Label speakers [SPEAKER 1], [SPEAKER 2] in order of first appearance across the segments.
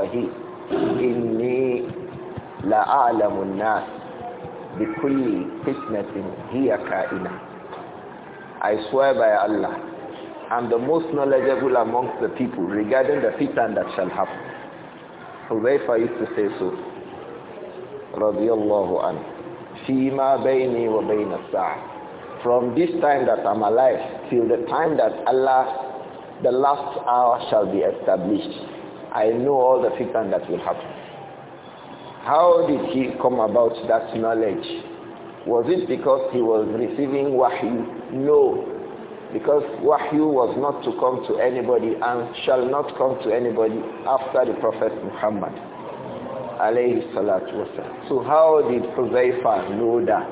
[SPEAKER 1] I swear by Allah I'm the most knowledgeable amongst the people regarding the fitan that shall happen. Hudayfa used to say so. Radiallahu anhu. Fima bayni wa bayna sa'a. From this time that I'm alive till the time that Allah, the last hour shall be established. I know all the fitan that will happen. How did he come about that knowledge? Was it because he was receiving wahyu? No. Because wahyu was not to come to anybody and shall not come to anybody after the Prophet Muhammad. So how did Huzaifa know that?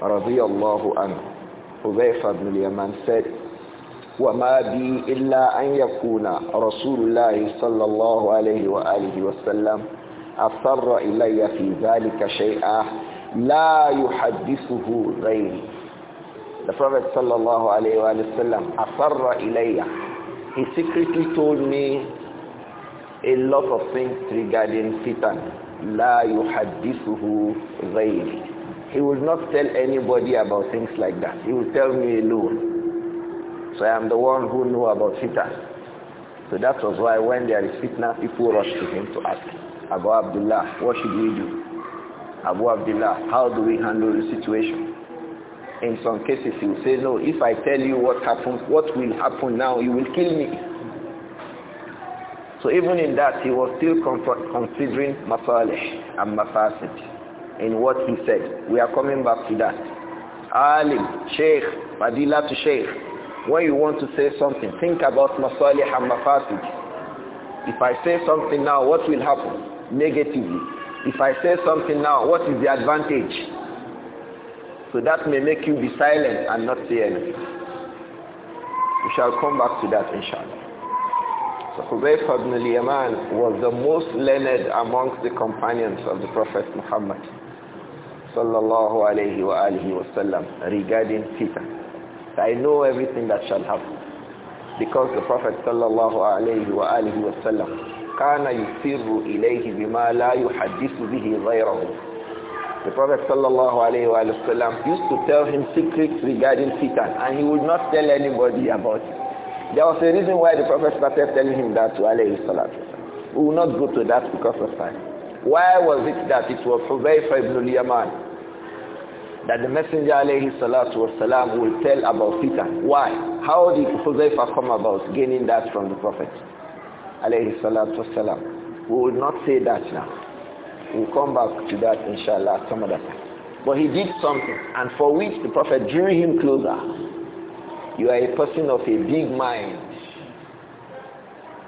[SPEAKER 1] رضي الله عنه Huzaifa ibn Yaman said وما بي إلا أن يكون رسول الله صلى الله عليه وآله وسلم أصر إلي في ذلك شيئا لا يحدثه غيري The Prophet صلى الله عليه وآله وسلم أصر إلي He secretly told me a lot of things regarding fitan لا يحدثه غيري He will not tell anybody about things like that. He will tell me alone. I am the one who knew about fitna. So that was why when there is fitna, people rush to him to ask, Abu Abdullah, what should we do? Abu Abdullah, how do we handle the situation? In some cases, he will say, no, if I tell you what happens, what will happen now, you will kill me. So even in that, he was still considering masalih and mafasid in what he said. We are coming back to that. Alim, Sheikh, Fadila to Sheikh, when you want to say something, think about masalih and mafasid. If I say something now, what will happen? Negatively. If I say something now, what is the advantage? So that may make you be silent and not say anything. We shall come back to that inshallah. So Hubayf ibn al-Yaman was the most learned amongst the companions of the Prophet Muhammad sallallahu alayhi wa alihi regarding fitan. I know everything that shall happen. Because the Prophet sallallahu alayhi wa alihi wa sallam The Prophet sallallahu alayhi wa sallam used to tell him secrets regarding Satan, and he would not tell anybody about it. There was a reason why the Prophet started telling him that to alayhi salatu. We will not go to that because of time. Why was it that it was Hudayfa ibn al-Yaman that the Messenger alayhi salatu wasalam will tell about fitan. Why? How did Huzaifa come about gaining that from the Prophet alayhi salatu wasalam? We will not say that now. We'll come back to that inshallah some other time. But he did something and for which the Prophet drew him closer. You are a person of a big mind.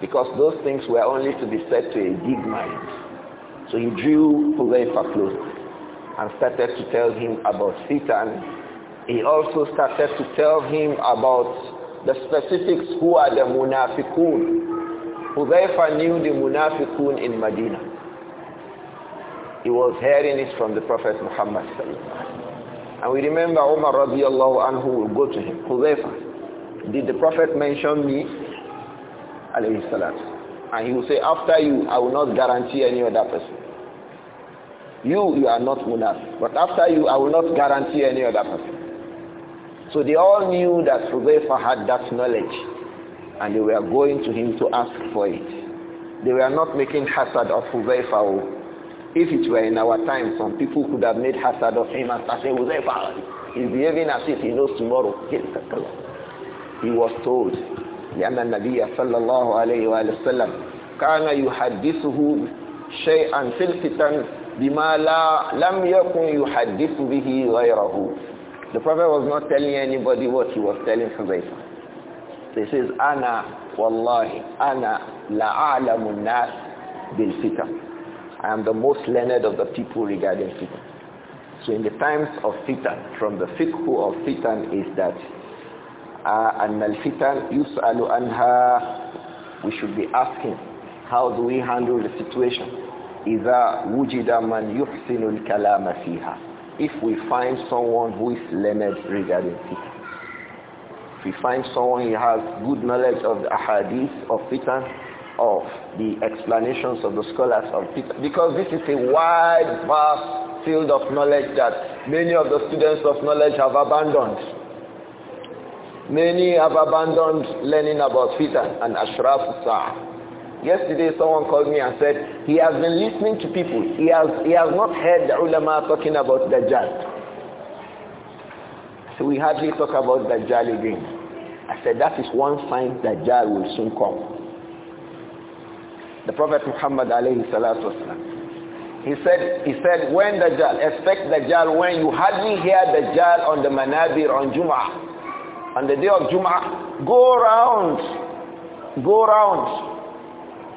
[SPEAKER 1] Because those things were only to be said to a big mind. So he drew Huzaifa closer and started to tell him about Satan, he also started to tell him about the specifics who are the munafiqun. therefore knew the munafiqun in Medina. He was hearing it from the Prophet Muhammad And we remember Umar radiallahu anhu will go to him. Hudayfa, did the Prophet mention me? And he will say, after you, I will not guarantee any other person. You, you are not Munafiq. But after you, I will not guarantee any other person. So they all knew that Hudayfa had that knowledge. And they were going to him to ask for it. They were not making hazard of Hudayfa. Oh. If it were in our time, some people could have made hazard of him and say, Hudayfa. He's behaving as if he knows tomorrow. He was told. لأن النبي صلى الله عليه وآله وسلم كان يحدثه شيئا في الفتن بما لا لم يكن يحدث به غيره The Prophet was not telling anybody what he was telling Hudayfa. So he says, la والله أنا لأعلم bil بالفتن. I am the most learned of the people regarding fitan. So in the times of fitan, from the fiqh of fitan is that أن الفتن يسأل anha. we should be asking how do we handle the situation if we find someone who is learned regarding fiqh if we find someone who has good knowledge of the ahadith of fiqh of the explanations of the scholars of fiqh because this is a wide vast field of knowledge that many of the students of knowledge have abandoned many have abandoned learning about Fita and ashraf sa'ah Yesterday someone called me and said he has been listening to people. He has, he has not heard the ulama talking about Dajjal. So we hardly talk about Dajjal again. I said that is one sign that Dajjal will soon come. The Prophet Muhammad alayhi salatu wasalam, he said, he said, when Dajjal, expect Dajjal when you hardly hear Dajjal on the Manabir on Jum'ah. On the day of Jum'ah, go round, go round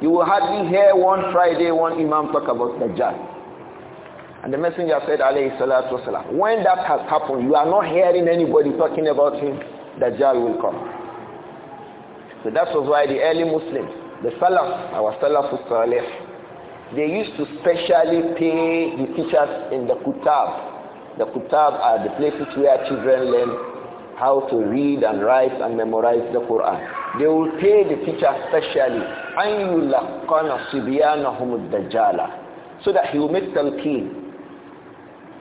[SPEAKER 1] you will hardly hear one Friday one Imam talk about Dajjal. And the messenger said, alayhi salatu wasalam, when that has happened, you are not hearing anybody talking about him, Dajjal will come. So that was why the early Muslims, the Salaf, our Salaf Salih, they used to specially pay the teachers in the Kutab. The Kutab are the places where children learn how to read and write and memorize the Quran. They will pay the teacher specially أَنْ يُلَقَّنَ صِبْيَانَهُمُ الدَّجَّالَ So that he will make talqeen.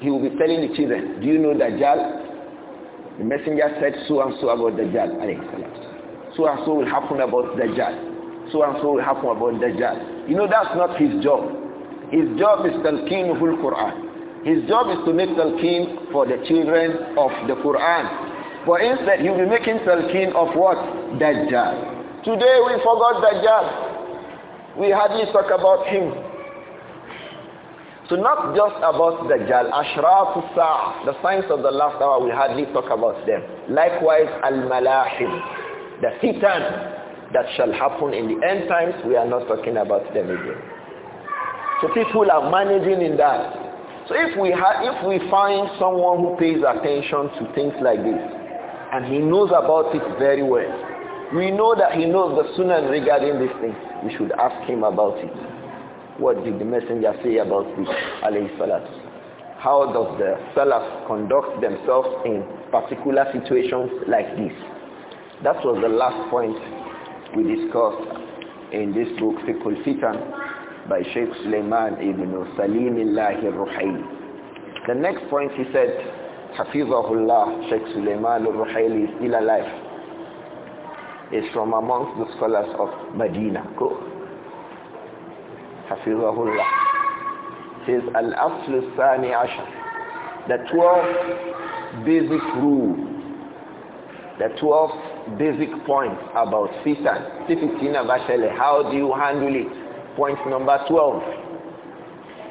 [SPEAKER 1] He will be telling the children, do you know Dajjal? The messenger said so and so about Dajjal. So and so will happen about Dajjal. So and so will happen about Dajjal. You know that's not his job. His job is talqeen of Quran. His job is to make talqeen for the children of the Quran for instead, he'll be making talqeen of what? Dajjal. Today we forgot Dajjal. We hardly talk about him. So not just about Dajjal, Ashraf Sa'ah, the signs of the last hour, we hardly talk about them. Likewise, Al-Malahim, the fitan that shall happen in the end times, we are not talking about them again. So people are managing in that. So if we, if we find someone who pays attention to things like this, and he knows about it very well. We know that he knows the sunnah regarding this thing. We should ask him about it. What did the messenger say about this? How does the salaf conduct themselves in particular situations like this? That was the last point we discussed in this book, Fiqh al-Fitan, by Sheikh Sulaiman ibn Salim al-Ruhayl. The next point he said, Hafizahullah Sheikh Suleiman al-Ruhaili is still alive. He's from amongst the scholars of Medina. Go. Hafizahullah. Says Al-Asl Sani Ashar. The 12 basic rules, The 12 basic points about fitan. How do you handle it? Point number 12.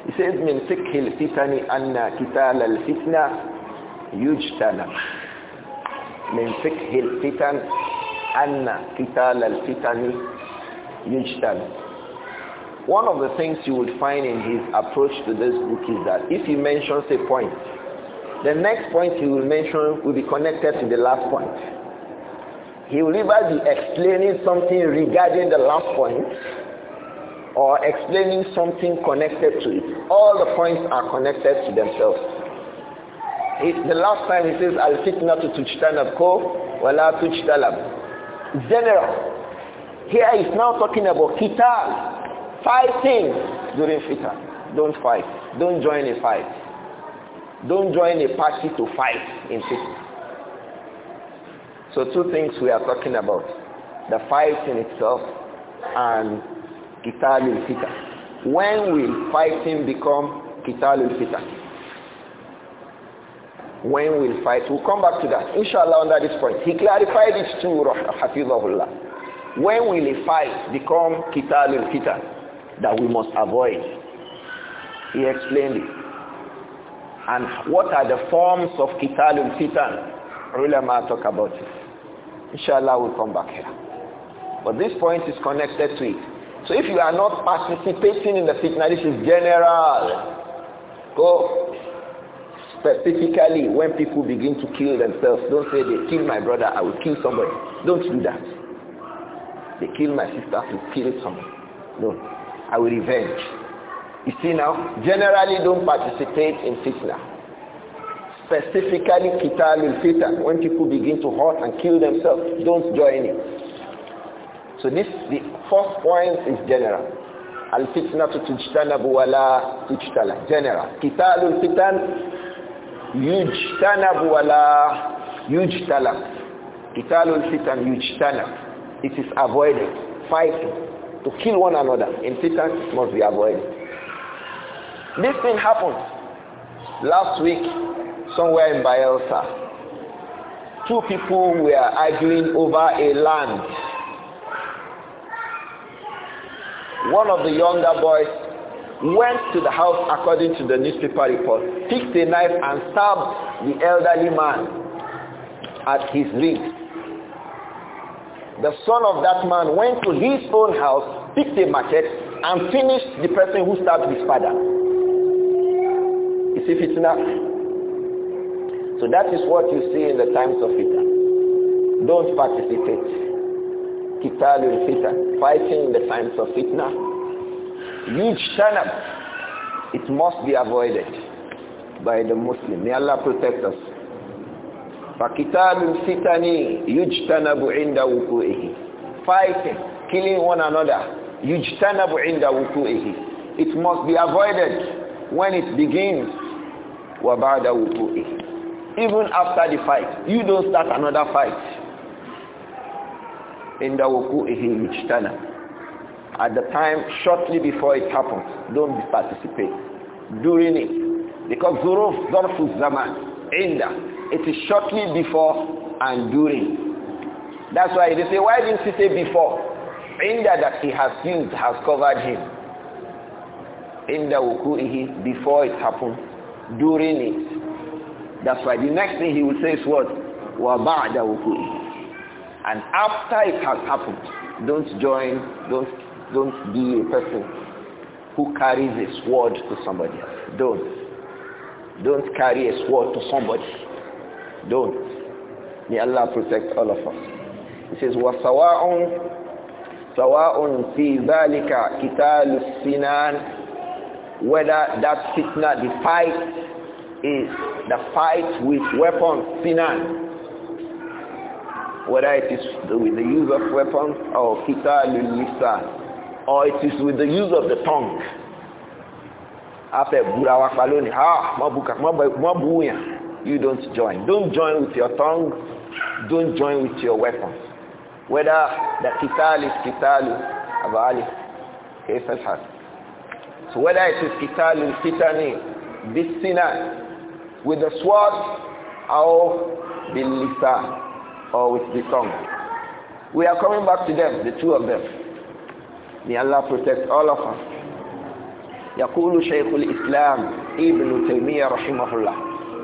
[SPEAKER 1] He says, من فقه الفتن أن كتال الفتنة يجتنب من فقه الفتن أن قتال الفتن يجتنب One of the things you will find in his approach to this book is that if he mentions a point, the next point he will mention will be connected to the last point. He will either be explaining something regarding the last point or explaining something connected to it. All the points are connected to themselves. He, the last time he says, Al-fitna to tujtanab ko, wa la tujtalab. General. Here he's now talking about qital, fighting during fitna. Don't fight. Don't join a fight. Don't join a party to fight in fitna. So two things we are talking about. The fight in itself and qital al-fitna. When will fighting become qital al-fitna? when we'll fight. We'll come back to that. Inshallah, under this point. He clarified it to Hafizahullah. When will a fight become Kitalul kitan that we must avoid? He explained it. And what are the forms of Kitalul al fitan? Ulama talk about it. Inshallah, we'll come back here. But this point is connected to it. So if you are not participating in the fitna, this is general. Go Specifically, when people begin to kill themselves, don't say they kill my brother, I will kill somebody. Don't do that. They kill my sister, to kill someone. No, I will revenge. You see now, generally don't participate in fitna. Specifically, qital al-fitna, when people begin to hurt and kill themselves, don't join it. So this, the first point is general. Al-fitna to tujtanabu wa tujtala. General. Qital al-fitan yujtanab wala yujtalab qitalul fitan yujtalab it is avoided fighting to kill one another in fitan must be avoided this thing happened last week somewhere in Bielsa two people were arguing over a land.
[SPEAKER 2] One of the younger
[SPEAKER 1] boys went to the house according to the newspaper report, picked a knife and stabbed the elderly man at his ribs. The son of that man went to his own house, picked a machete, and finished the person who stabbed his father. You see enough. So that is what you see in the times of fitna. Don't participate. Kitalul fitna. Fighting in the times of fitna Yujtanab. It must be avoided by the Muslim. May Allah protect us. فَكِتَابُ الْفِتَنِ يُجْتَنَبُ عِنْدَ وُقُوئِهِ Fighting, killing one another. يُجْتَنَبُ عِنْدَ وُقُوئِهِ It must be avoided when it begins. وَبَعْدَ وُقُوئِهِ even after the fight you don't start another fight in the wuku ihi at the time shortly before it happens don't participate during it because zuruf zarfu zaman inda it is shortly before and during that's why they say why didn't he say before inda that he has used has covered him inda wuku'ihi before it happened during it that's why the next thing he will say is what wabada wuku'ihi and after it has happened don't join don't don't be a person who carries a sword to somebody else. Don't. Don't carry a sword to somebody. Don't. May Allah protect all of us. He says, وَسَوَاءٌ سَوَاءٌ فِي ذَلِكَ كِتَالُ السِّنَانِ Whether that fitna, the fight is the fight with weapons, sinan, whether it is with the use of weapons or kita lisan or it is with the use of the tongue After búra wa pa lónìí you don't join don't join with your tongue don't join with your weapons whether the kitali, is qital abali kayf al so whether it is kitali, fitani this sinner with the sword or bil or with the tongue we are coming back to them the two of them May Allah protect all of us. يقول شيخ الإسلام ابن تيمية رحمه الله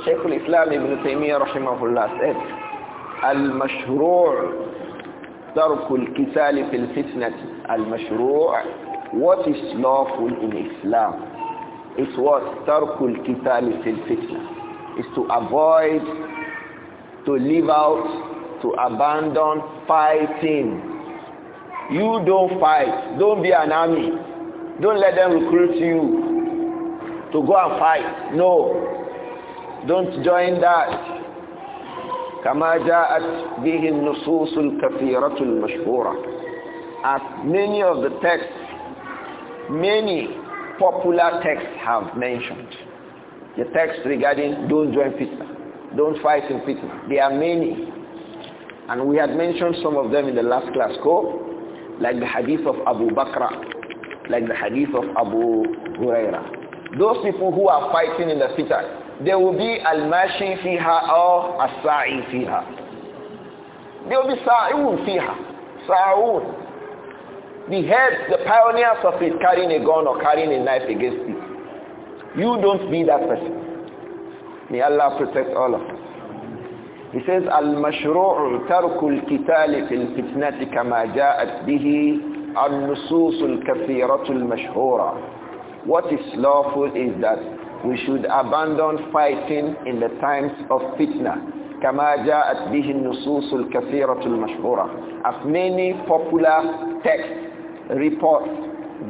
[SPEAKER 1] شيخ الإسلام ابن تيمية رحمه الله said المشروع ترك t o l i في الفتنة المشروع what is lawful in Islam is what ترك القتال في الفتنة is to avoid to leave out to abandon fighting you don't fight. Don't be an army. Don't let them recruit you to go and fight. No. Don't join that. كما جاءت به النصوص الكثيرة المشهورة as many of the texts many popular texts have mentioned the texts regarding don't join fitna don't fight in fitna there are many and we had mentioned some of them in the last class go like the hadith of Abu Bakr, like the hadith of Abu Huraira. Those people who are fighting in the city, they will be al-mashi fiha or as-sa'i fiha. They will be sa'un fiha, sa'un. The heads, the pioneers of it carrying a gun or carrying a knife against it. You don't be that person. May Allah protect all of us. He says, المشروع ترك القتال في الفتنة كما جاءت به النصوص الكثيرة what What is lawful is that we should abandon fighting in the times of fitna. كما جاءت به النصوص الكثيرة mashhura As many popular texts, reports,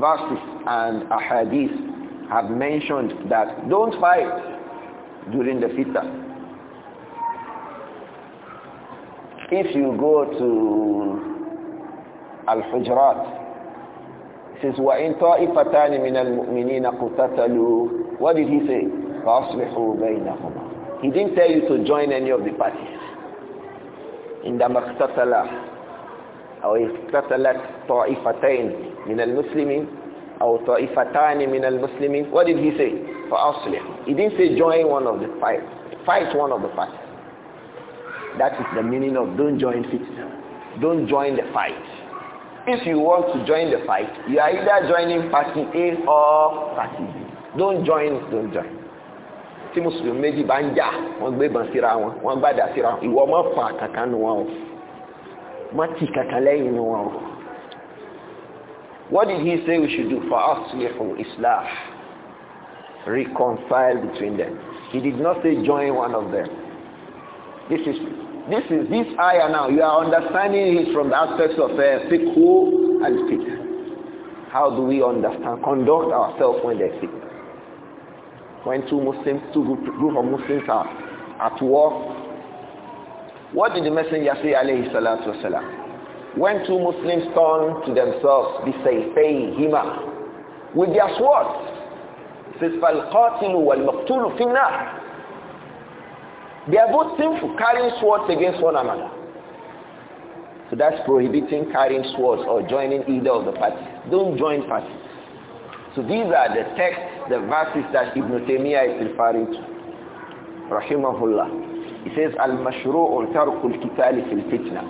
[SPEAKER 1] verses and ahadith have mentioned that don't fight during the fitna. If you go to Al-Hujurat, it says, وَإِن طَائِفَتَانِ مِنَ الْمُؤْمِنِينَ قُتَتَلُوا What did he say? فَأَصْلِحُوا بَيْنَهُمَا He didn't tell you to join any of the parties. عندما اقتتل أو اقتتلت طائفتين من المسلمين أو طائفتان من المسلمين What did he say? فأصلحوا He didn't say join one of the fight. Fight one of the parties. That is the meaning of don't join fitna. Don't join the fight. If you want to join the fight, you are either joining party A or party B. Don't join, don't join. Tí Mùsùlùmí méjì bá ń jà, wọ́n gbé ìbọn síra wọn, wọ́n gbàdà síra wọn, ìwọ ọmọ fà kankan nu wọn o. Má tì kankan lẹ́yìn nu wọn o. What did he say we should do for us for Islam? Reconcile between them. He did not say join one of them. This is this is this ayah now. You are understanding it from the aspects of uh, fiqh and fiqh. How do we understand, conduct ourselves when they fiqh? When two Muslims, two group, group of Muslims are at war, what did the messenger say alayhi salatu wasalam? When two Muslims turn to themselves, they say, "Hey, hima. With their swords, it says, فَالْقَاتِلُ وَالْمَقْتُولُ فِي النَّارِ they are both sinful, carrying swords against one another. So that's prohibiting carrying swords or joining either of the parties. Don't join parties. So these are the texts, the verses that Ibn Taymiyyah is referring to. Rahimahullah. He says, Al-mashru'u tarku al-kitali fil fitna.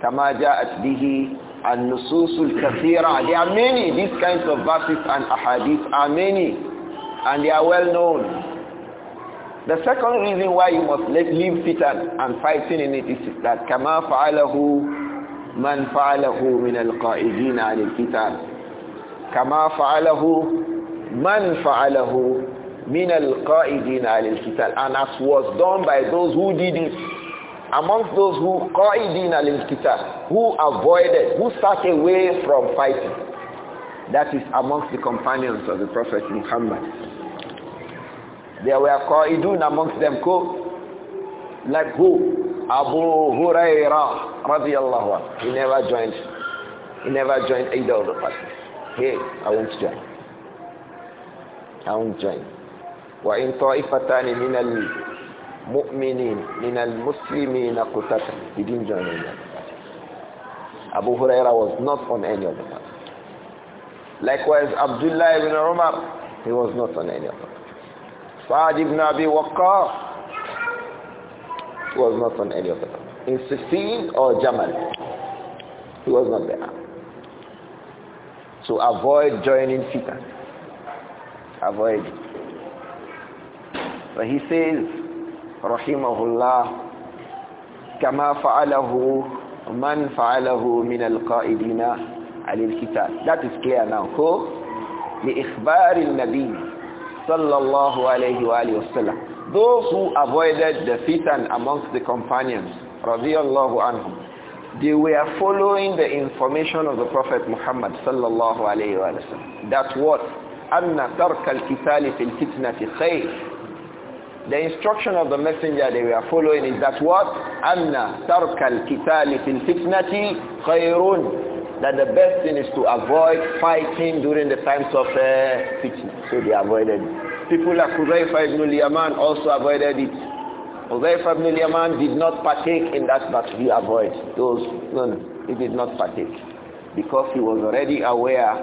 [SPEAKER 1] Kama ja'at bihi al al kathira. There are many, these kinds of verses and ahadith are many. And they are well known. The second reason why you must leave fitan and fighting in it is that kama fa'alahu man fa'alahu min al-qa'idin 'ala al-fitan. Kama fa'alahu man fa'alahu min al-qa'idin 'ala al-fitan. And as was done by those who did it amongst those who qa'idin al al-fitan, who avoided, who stuck away from fighting. That is amongst the companions of the Prophet Muhammad there were qaidun amongst them who? Like who? Abu Huraira, radiyallahu anhu. He never joined. He never joined either of the parties. Hey, I won't join. I won't join. in وإن طائفتان من المؤمنين من المسلمين قتتل. He didn't join any of the Abu Huraira was not on any of the parties. Likewise, Abdullah ibn Umar, he was not on any of them. سعد بن أبي وقاص was not on any of the in Sifin or Jamal he was not there so avoid joining fitan avoid but he says rahimahullah كما فعله من فعله من القائدين على الكتاب that is clear now who لإخبار النبي sallallahu alayhi wa Those who avoided the fitan amongst the companions, radiyallahu anhum, they were following the information of the Prophet Muhammad sallallahu alayhi wa sallam. That what? أَنَّ تَرْكَ الْكِتَالِ فِي الْفِتْنَةِ خَيْرٍ The instruction of the messenger they were following is that what? أَنَّ تَرْكَ الْكِتَالِ فِي الْفِتْنَةِ خَيْرٌ that the best thing is to avoid fighting during the times of uh, fitna. So they avoided it. People like Huzaifa ibn Yaman also avoided it. Huzaifa ibn Yaman did not partake in that but he avoided those. No, no, he did not partake because he was already aware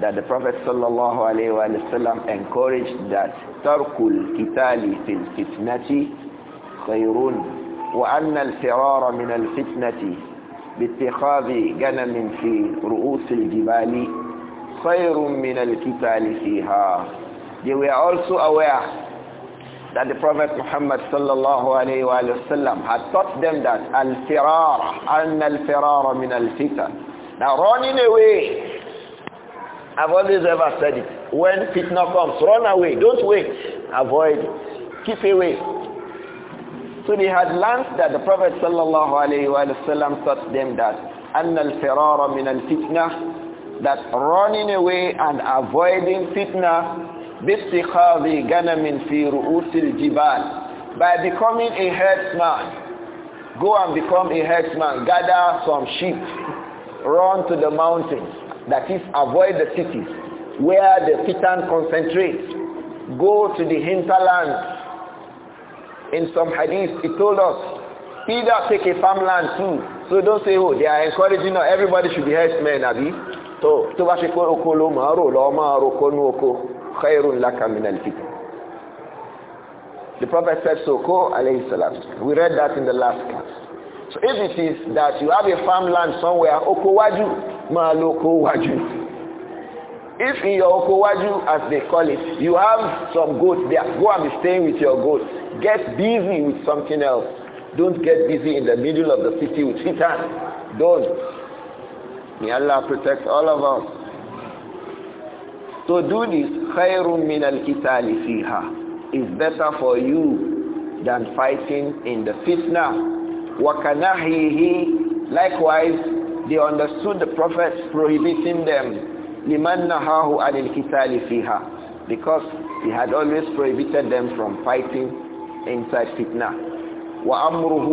[SPEAKER 1] that the Prophet sallallahu alaihi wasallam encouraged that tarkul kitali fil fitnati khayrun wa anna al-firar min al-fitnati باتخاذ غنم في رؤوس الجبال خير من القتال فيها they were also aware that the prophet muhammad sallallahu alaihi wasallam had taught them that al firar an al firar min al fitan now running away i've always ever said it when fitna comes run away don't wait avoid keep away so they had learned that the Prophet sallallahu taught them that أَنَّ الْفِرَارَ مِنَ الْفِتْنَةِ that running away and avoiding fitna بِاتِّخَاذِ غَنَمٍ فِي رُؤُوسِ الْجِبَالِ by becoming a herdsman go and become a herdsman gather some sheep run to the mountains that is avoid the cities where the fitan concentrates go to the hinterland in some hadith, he told us, either take a farmland too. So don't say, oh, they are encouraging that Everybody should be herdsmen, Abi. So, tó bá ṣe pé ló máa ro lo ro nú oko khairun laka min al-fitan. The Prophet said so, ko alayhi salam. We read that in the last class. So if it is that you have a farmland somewhere, oko waju, ma lo oko waju. If in your oko waju, as they call it, you have some goats there, go and be staying with your goats. Get busy with something else. Don't get busy in the middle of the city with fitan. Don't. May Allah protect all of us. To do this, khairun min al-kitali fiha, is better for you than fighting in the fitna. Wakanahihi, likewise, they understood the Prophet prohibiting them. Liman nahahu anil kitali fiha, because he had always prohibited them from fighting inside fitna. وَأَمْرُهُ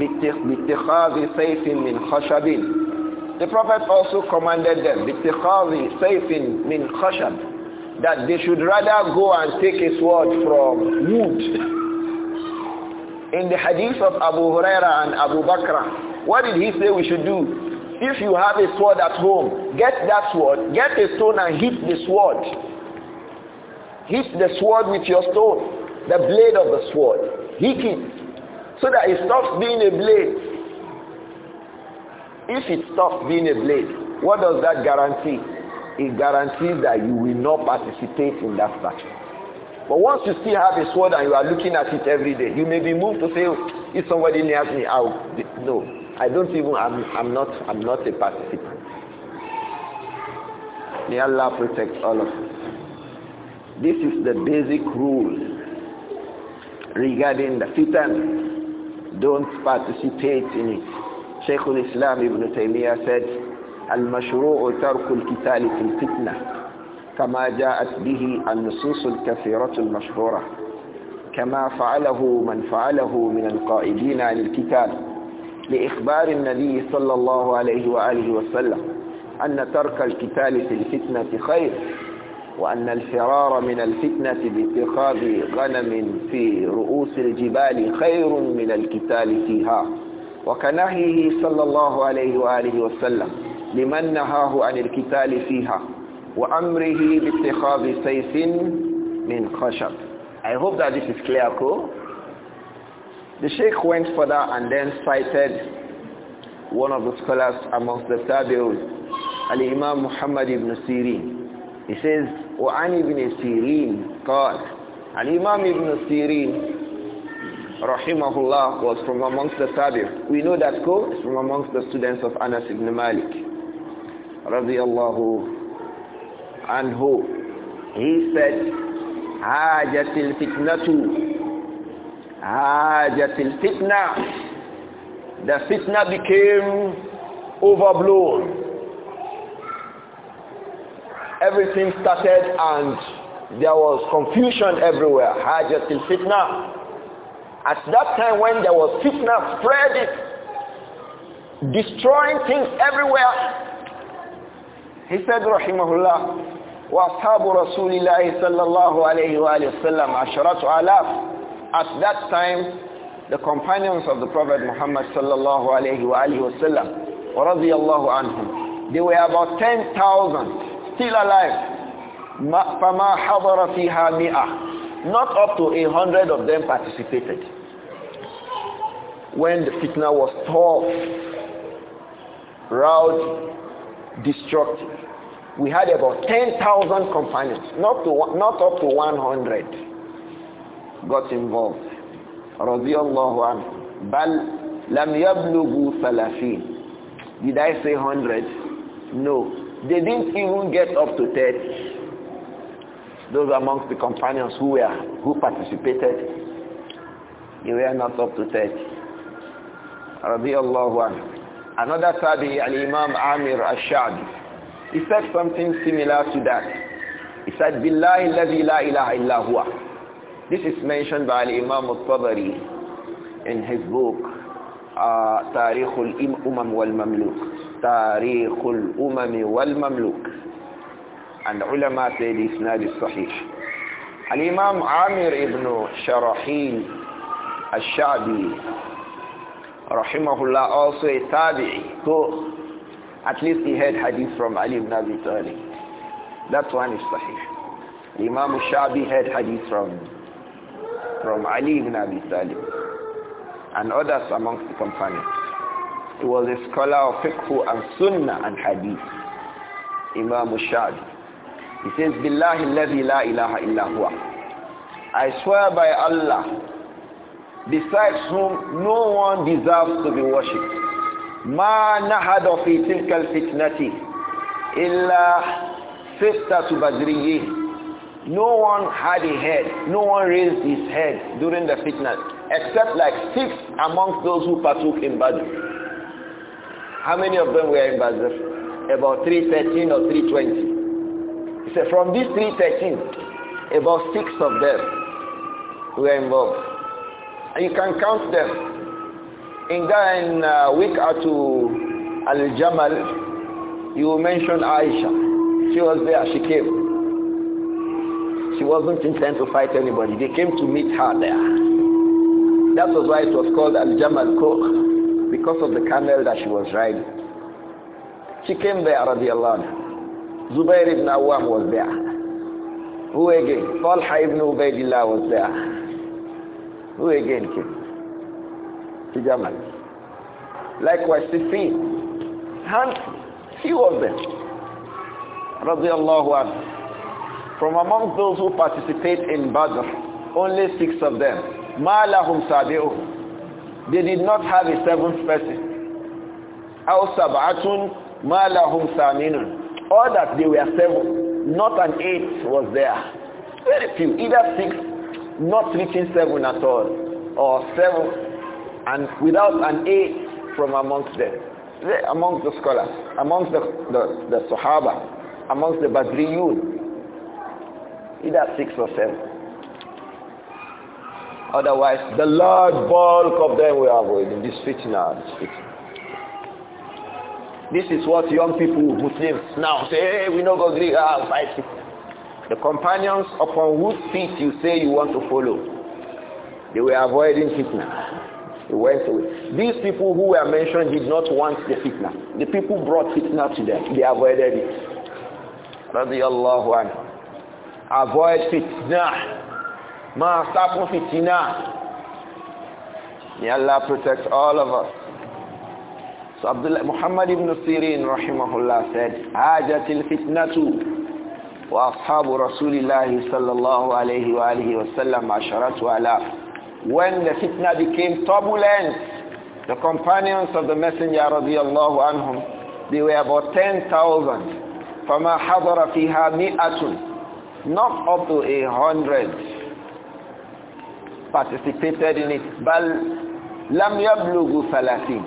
[SPEAKER 1] بِاتِّخَاذِ سَيْفٍ مِّنْ خَشَبٍ The Prophet also commanded them, بِاتِّخَاذِ سَيْفٍ مِّنْ خَشَبٍ That they should rather go and take a sword from wood. In the hadith of Abu Huraira and Abu Bakr, what did he say we should do? If you have a sword at home, get that sword, get a stone and hit the sword hit the sword with your stone the blade of the sword. he keeps, so that it stops being a blade. If it stops being a blade, what does that guarantee? It guarantees that you will not participate in that battle. But once you still have a sword and you are looking at it every day, you may be moved to say, oh, if somebody nears me, I'll no. I don't even I'm I'm not I'm not a participant. May Allah protect all of us. This is the basic rule regarding the fitan. Don't participate in it. Shaykh al-Islam Ibn Taymiyyah said, المشروع ترك القتال في الفتنة كما جاءت به النصوص الكثيرة المشهورة كما فعله من فعله من القائدين عن القتال لإخبار النبي صلى الله عليه وآله وسلم أن ترك القتال في الفتنة خير وأن الفرار من الفتنة باتخاذ غنم في رؤوس الجبال خير من الكتال فيها وكنهيه صلى الله عليه وآله وسلم لمن نهاه عن الكتال فيها وأمره باتخاذ سيف من خشب I hope that this is clear, cool. The Sheikh went further and then cited one of the scholars amongst the Tabi'ud, Al-Imam Muhammad ibn Sirin. He says, وعن ابن سيرين قال الإمام ابن سيرين rahimahullah was from amongst the Tabi'.' We know that quote is from amongst the students of Anas ibn Malik الله عنه. He said, "Hajatil fitnatu, hajatil fitna." The fitna became overblown everything started and there was confusion everywhere. Hajjat al-fitna. At that time when there was fitna, spread destroying things everywhere. He said, Rahimahullah, وأصحاب رسول الله صلى الله عليه وآله وسلم عشرات آلاف At that time, the companions of the Prophet Muhammad صلى الله عليه وآله وسلم رضي الله عنهم, they were about 10,000 still alive Fama حضر فيها مئة not up to a hundred of them participated when the fitna was tall, route destructive we had about 10,000 companions not to not up to 100 got involved رضي الله عنه بل لم يبلغوا did I say 100 no they didn't even get up to 30. Those amongst the companions who were, who participated, they were not up to 30. Radiallahu anhu. Another Tabi, Al-Imam Amir Ashadi, he said something similar to that. He said, Billahi الَّذِي la ilaha illa huwa. This is mentioned by Al-Imam al-Tabari in his book, uh, Tarikh al-Umam wal-Mamluk. تاريخ الأمم والمملوك and ulama say إسناد الصحيح الإمام sahih ابن imam amir ibn الله al also a tabi'i so at least he heard hadith from ali ibn abi talib that one is sahih imam al-shabi heard hadith from from ali ibn abi talib and others amongst the companions He was a scholar of fiqh and sunnah and hadith. Imam Shadi. He says, Billahi alladhi la ilaha illa huwa. I swear by Allah, besides whom no one deserves to be worshipped. Ma nahada fi tilka kal fitnati illa sittatu badriyyin no one had a head no one raised his head during the fitna except like six amongst those who partook in badr how many of them were in Bazir? About 313 or 320. He said, from these 313, about six of them were involved. And you can count them. In that uh, week or two, Al-Jamal, you mentioned Aisha. She was there, she came she wasn't intent to fight anybody. They came to meet her there. That was why it was called Al-Jamal Koch because of the camel that she was riding. She came there, radiallahu anha. Zubair ibn Awam was there. Who again? Talha ibn Ubaidillah was there. Who again came? To Likewise, Sifi. Hands, few of them. Radiallahu anha. From among those who participate in Badr, only six of them. Ma lahum sabi'uhum they did not have a seventh person. All sabatun ما لهم ثامن that they were seven, not an eighth was there. Very few, either six, not reaching seven at all, or seven, and without an eight from amongst them. Amongst the scholars, amongst the, the, the Sahaba, amongst the Badriyun, either six or seven. Otherwise, the large bulk of them will avoid this fitna. This, this is what young people, Muslims, now say, hey, we no go agree, ah, fight. The companions upon whose feet you say you want to follow, they were avoiding fitna. They went away. These people who were mentioned did not want the fitna. The people brought fitna to them. They avoided it. رضي الله عنه. Avoid fitna máa sá fún fìtínà ni allah protect all of us so abdullah muhammad ibn sirin rahimahullah said hajatil fitnatu wa ashabu rasulillahi sallallahu alayhi wa alihi wa sallam asharatu ala when the fitna became turbulent the companions of the messenger radiyallahu anhum they were about 10,000 فما حضر فيها مئة not up to a hundred participated in it. but lam yablugu salatin.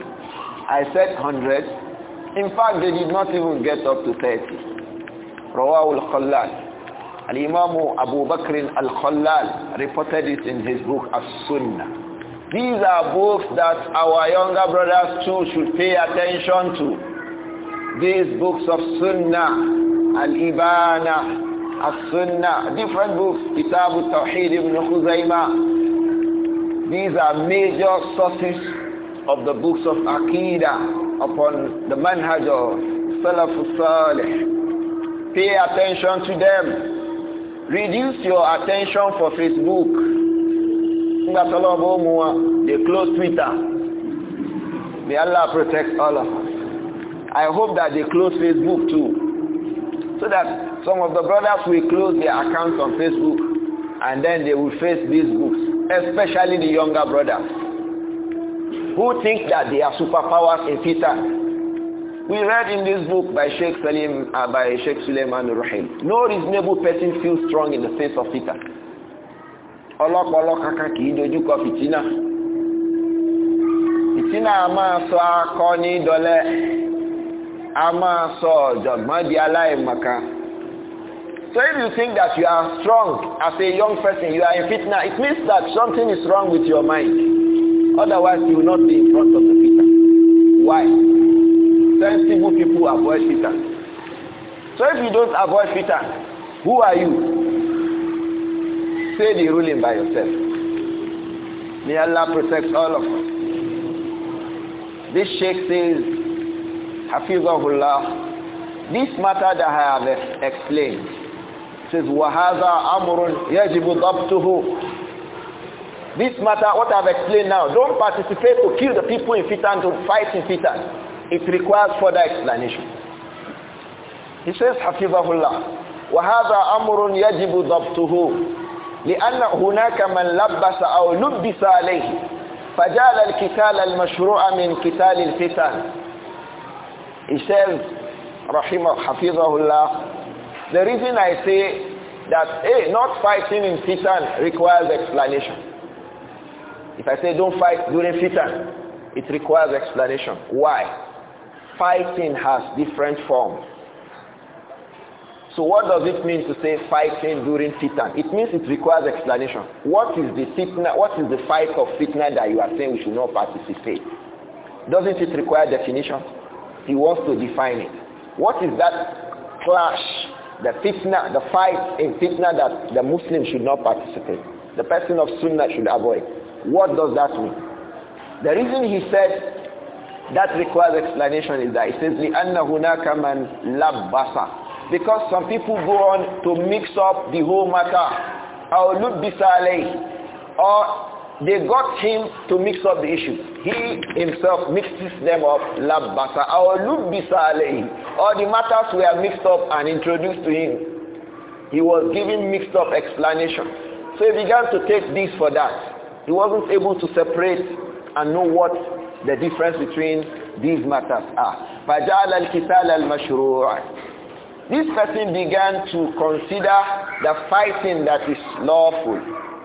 [SPEAKER 1] I said 100. In fact, they did not even get up to 30. Rawahu al-Khallal. Al-Imam Abu Bakr al-Khallal reported it in his book As-Sunnah. These are books that our younger brothers too should pay attention to. These books of Sunnah, Al-Ibana, As-Sunnah, different books, Kitab al-Tawheed ibn Khuzaimah, these are major sources of the books of Aqidah upon the manhaj of Salaf Salih. Pay attention to them. Reduce your attention for Facebook. They close Twitter. May Allah protect all of us. I hope that they close Facebook too. So that some of the brothers will close their accounts on Facebook and then they will face these books, especially the younger brothers, who think that they are superpowers in Peter. We read in this book by Sheikh Salim, uh, by Sheikh Suleiman Rahim, no reasonable person feels strong in the face of Peter. ọlọ́pọ̀lọ́ kì í dojúkọ fìtínà fìtínà a máa sọ akọ ní dọlẹ́ a máa sọ ọ̀jọ̀gbọ́n di aláìmọ̀kan So if you think that you are strong as a young person, you are in fitna, it means that something is wrong with your mind. Otherwise, you will not be in front of the fitna. Why? Sensible people avoid fitna. So if you don't avoid fitna, who are you? Say the ruling by yourself. May Allah protect all of us. This sheikh says, Hafizahullah, this matter that I have explained, says وَهَذَا أَمْرٌ يَجِبُ ضَبْطُهُ This matter, what I've explained now, don't participate to kill the people in fitan, to fight in fitan. It requires further explanation. He says, حفظه الله وَهَذَا أَمْرٌ يَجِبُ ضَبْطُهُ لأن هناك من لبس أو لبس عليه فجعل الكتال المشروع من كتال الفتن. He says, رحمه حفظه الله The reason I say that, hey, not fighting in fitan requires explanation. If I say don't fight during fitan, it requires explanation. Why? Fighting has different forms. So what does it mean to say fighting during fitan? It means it requires explanation. What is the fitna, what is the fight of fitna that you are saying we should not participate? Doesn't it require definition? He wants to define it. What is that clash the fitna, the fight in fitna that the Muslim should not participate. The person of sunnah should avoid. What does that mean? The reason he said that requires explanation is that it says لِأَنَّ هُنَاكَ مَنْ لَبَّسَ Because some people go on to mix up the whole matter. أَوْ لُبِّسَ عَلَيْهِ Or they got him to mix up the issue. He himself mixes them up, labbasa our lubbisa All the matters were mixed up and introduced to him. He was giving mixed up explanation. So he began to take this for that. He wasn't able to separate and know what the difference between these matters are. فَجَعَلَ الْكِتَالَ الْمَشْرُوعَ this person began to consider the fighting that is lawful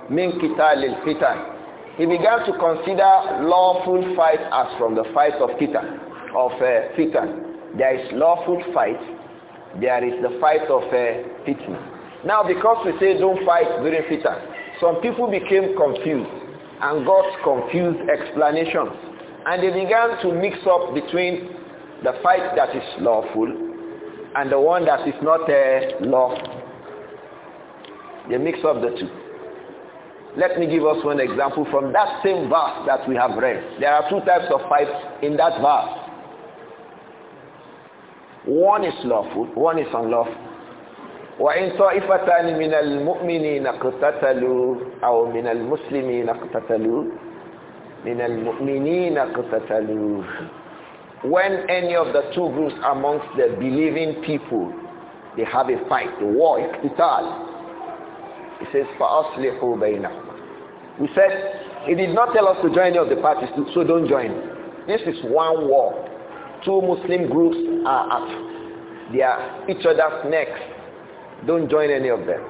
[SPEAKER 1] min qital al fitan he began to consider lawful fight as from the fight of fitan, of uh, fitan. There is lawful fight, there is the fight of uh, Now because we say don't fight during fitan, some people became confused and got confused explanations. And they began to mix up between the fight that is lawful and the one that is not uh, lawful. They mix up the two. Let me give us one example from that same verse that we have read. There are two types of pipes in that verse. One is lawful, one is unlawful. وإن طائفتان من المؤمنين اقتتلوا أو من المسلمين اقتتلوا من المؤمنين اقتتلوا When any of the two groups amongst the believing people, they have a fight, a war, اقتتال. It says فأصلحوا بينهم we said, he did not tell us to join any of the parties, so don't join. This is one war. Two Muslim groups are at they are each other's necks. Don't join any of them.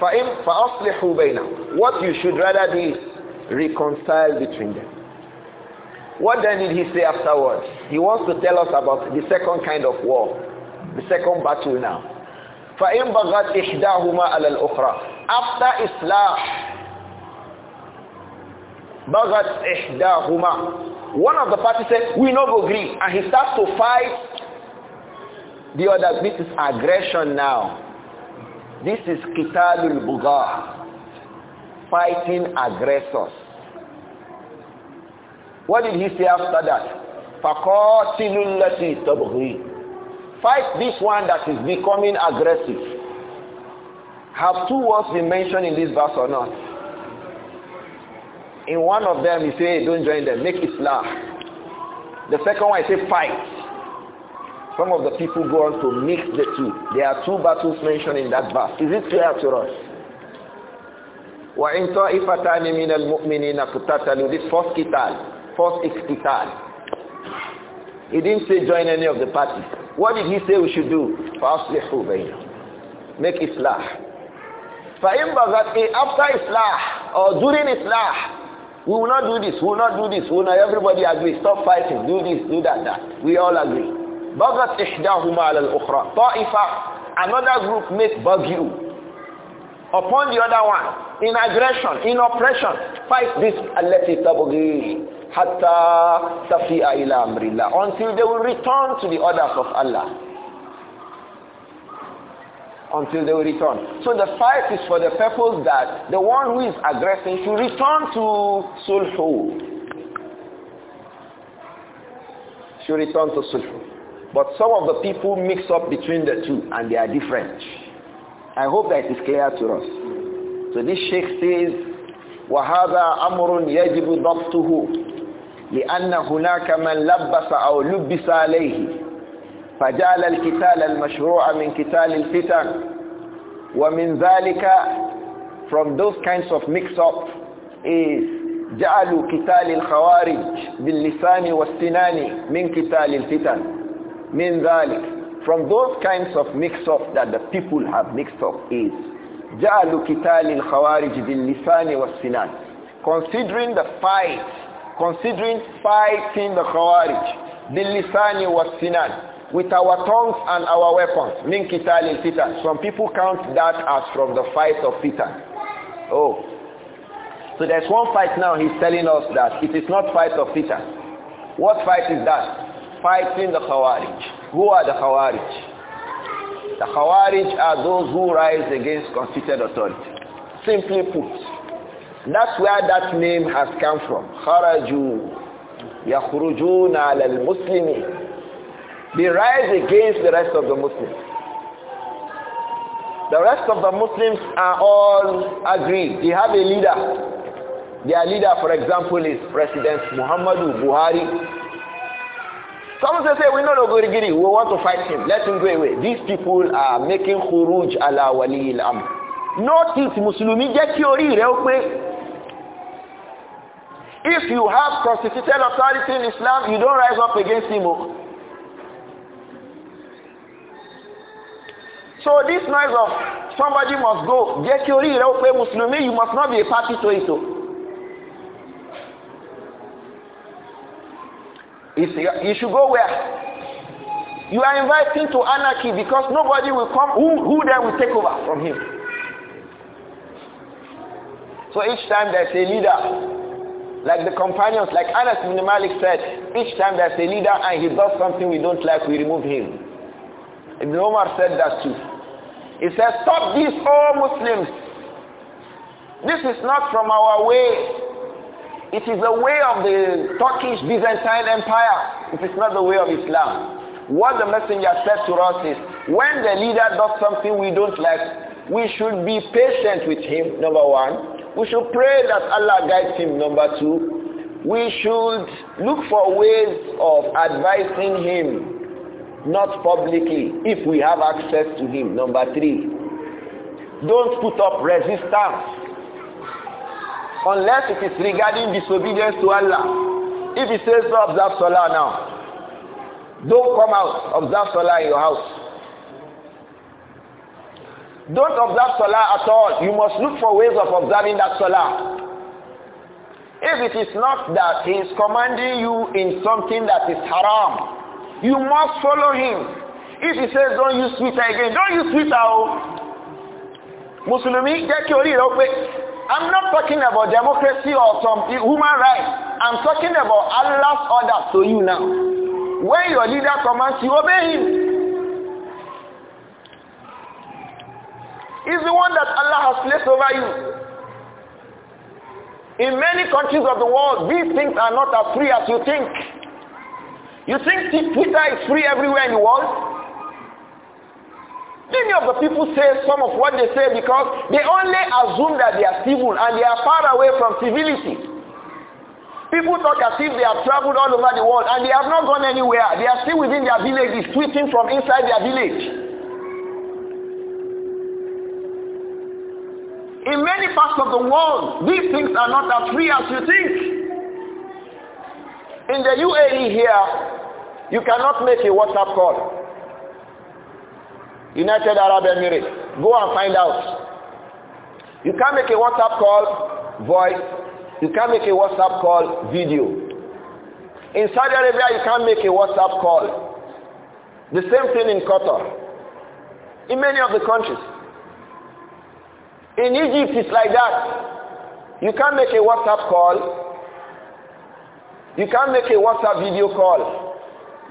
[SPEAKER 1] فَإِمْ فَأَصْلِحُوا بَيْنَهُمْ What you should rather do is reconcile between them. What then did he say afterwards? He wants to tell us about the second kind of war, the second battle now. فإن بغت إحداهما على الأخرى after Islam بغت إحداهما one of the parties said we not agree and he starts to fight the other this is aggression now this is qitalul bugha fighting aggressors what did he say after that faqatilul lati tabghi Fight this one that is becoming aggressive. Have two words been mentioned in this verse or not? In one of them, he say, don't join them. Make Islam. The second one, he say, fight. Some of the people go on to mix the two. There are two battles mentioned in that verse. Is it clear to us? وَإِنْ طَائِفَتَانِ مِنَ الْمُؤْمِنِينَ قُتَتَلُوا This first qital, first iqtital. He didn't say join any of the parties. What did he say we should do? فَأَصْلِحُوا بَيْنَهُمْ Make Islah. فَإِنْ بَغَتْ After Islah or during Islah, we will not do this, we will not do this, we will not, everybody agree, stop fighting, do this, do that, that. We all agree. بَغَتْ إِحْدَاهُمَا عَلَى الْأُخْرَى طَائِفَةً Another group make bagyu upon the other one in aggression, in oppression. Fight this allati tabugi hatta tafi'a ila amrillah until they will return to the orders of Allah. Until they will return. So the fight is for the purpose that the one who is aggressing should return to sulhu. Should return to sulhu. But some of the people mix up between the two and they are different. I hope that is clear to us. So this sheikh says, وَهَذَا أَمْرٌ يَجِبُ ضَبْتُهُ لأن هناك من لبس أو لبس عليه فَجَالَ الْكِتَالَ المشروع من كِتَالِ الفتن ومن ذلك from those kinds of mix-up is جَعَلُوا كِتَالِ الخوارج باللسان والسنان من كِتَالِ الفتن من ذلك from those kinds of mix-up that the people have mixed up is جَعَلُ كِتَالِ الْخَوَارِجِ Considering the fight, considering fighting the Khawarij, was وَالسِّنَانِ With our tongues and our weapons, Min kitalin fitan Some people count that as from the fight of fitan. Oh. So there's one fight now he's telling us that it is not fight of fitan. What fight is that? Fighting the Khawarij. Who are the Khawarij? The Khawarij are those who rise against constituted authority. Simply put, that's where that name has come from. Kharaju, yakhrujuna ala al-muslimin. They rise against the rest of the Muslims. The rest of the Muslims are all agreed. They have a leader. Their leader, for example, is President Muhammadu Buhari some them say, we know no we want to fight him. Let him go away. These people are making khuruj ala wali al-amr. Notice, Muslimi, Get your ear rẹ̀ ó pé. If you have constituted authority in Islam, you don't rise up against him. So this noise of somebody must go, Get your ear rẹ̀ Muslimi, you must not be a party to it. you should go where? You are inviting to anarchy because nobody will come. Who, who then will take over from him? So each time there's a leader, like the companions, like Anas bin Malik said, each time there's a leader and he does something we don't like, we remove him. Ibn Omar said that too. He said, stop this, all Muslims. This is not from our way. It is the way of the Turkish Byzantine Empire. It is not the way of Islam. What the messenger said to us is, when the leader does something we don't like, we should be patient with him, number one. We should pray that Allah guides him, number two. We should look for ways of advising him not publicly if we have access to him. Number three, don't put up resistance. Unless it is regarding disobedience to Allah. If he says, don't observe Salah now. Don't come out, observe Salah in your house. Don't observe Salah at all. You must look for ways of observing that Salah. If it is not that he is commanding you in something that is haram, you must follow him. If he says don't use sweeter again, don't use sweeter. at all. kí get your ó pé I'm not talking about democracy or some human rights. I'm talking about Allah's order to you now. When your leader commands, you obey him. He's the one that Allah has placed over you. In many countries of the world, these things are not as free as you think. You think Twitter is free everywhere in the world? Many of the people say some of what they say because they only assume that they are civil and they are far away from civility. People talk as if they have traveled all over the world and they have not gone anywhere. They are still within their villages, tweeting from inside their village. In many parts of the world, these things are not as free as you think. In the UAE here, you cannot make a WhatsApp call. United Arab Emirates. Go and find out. You can not make a WhatsApp call, voice. You can not make a WhatsApp call, video. In Saudi Arabia, you can not make a WhatsApp call. The same thing in Qatar. In many of the countries. In Egypt, it's like that. You can not make a WhatsApp call. You can not make a WhatsApp video call.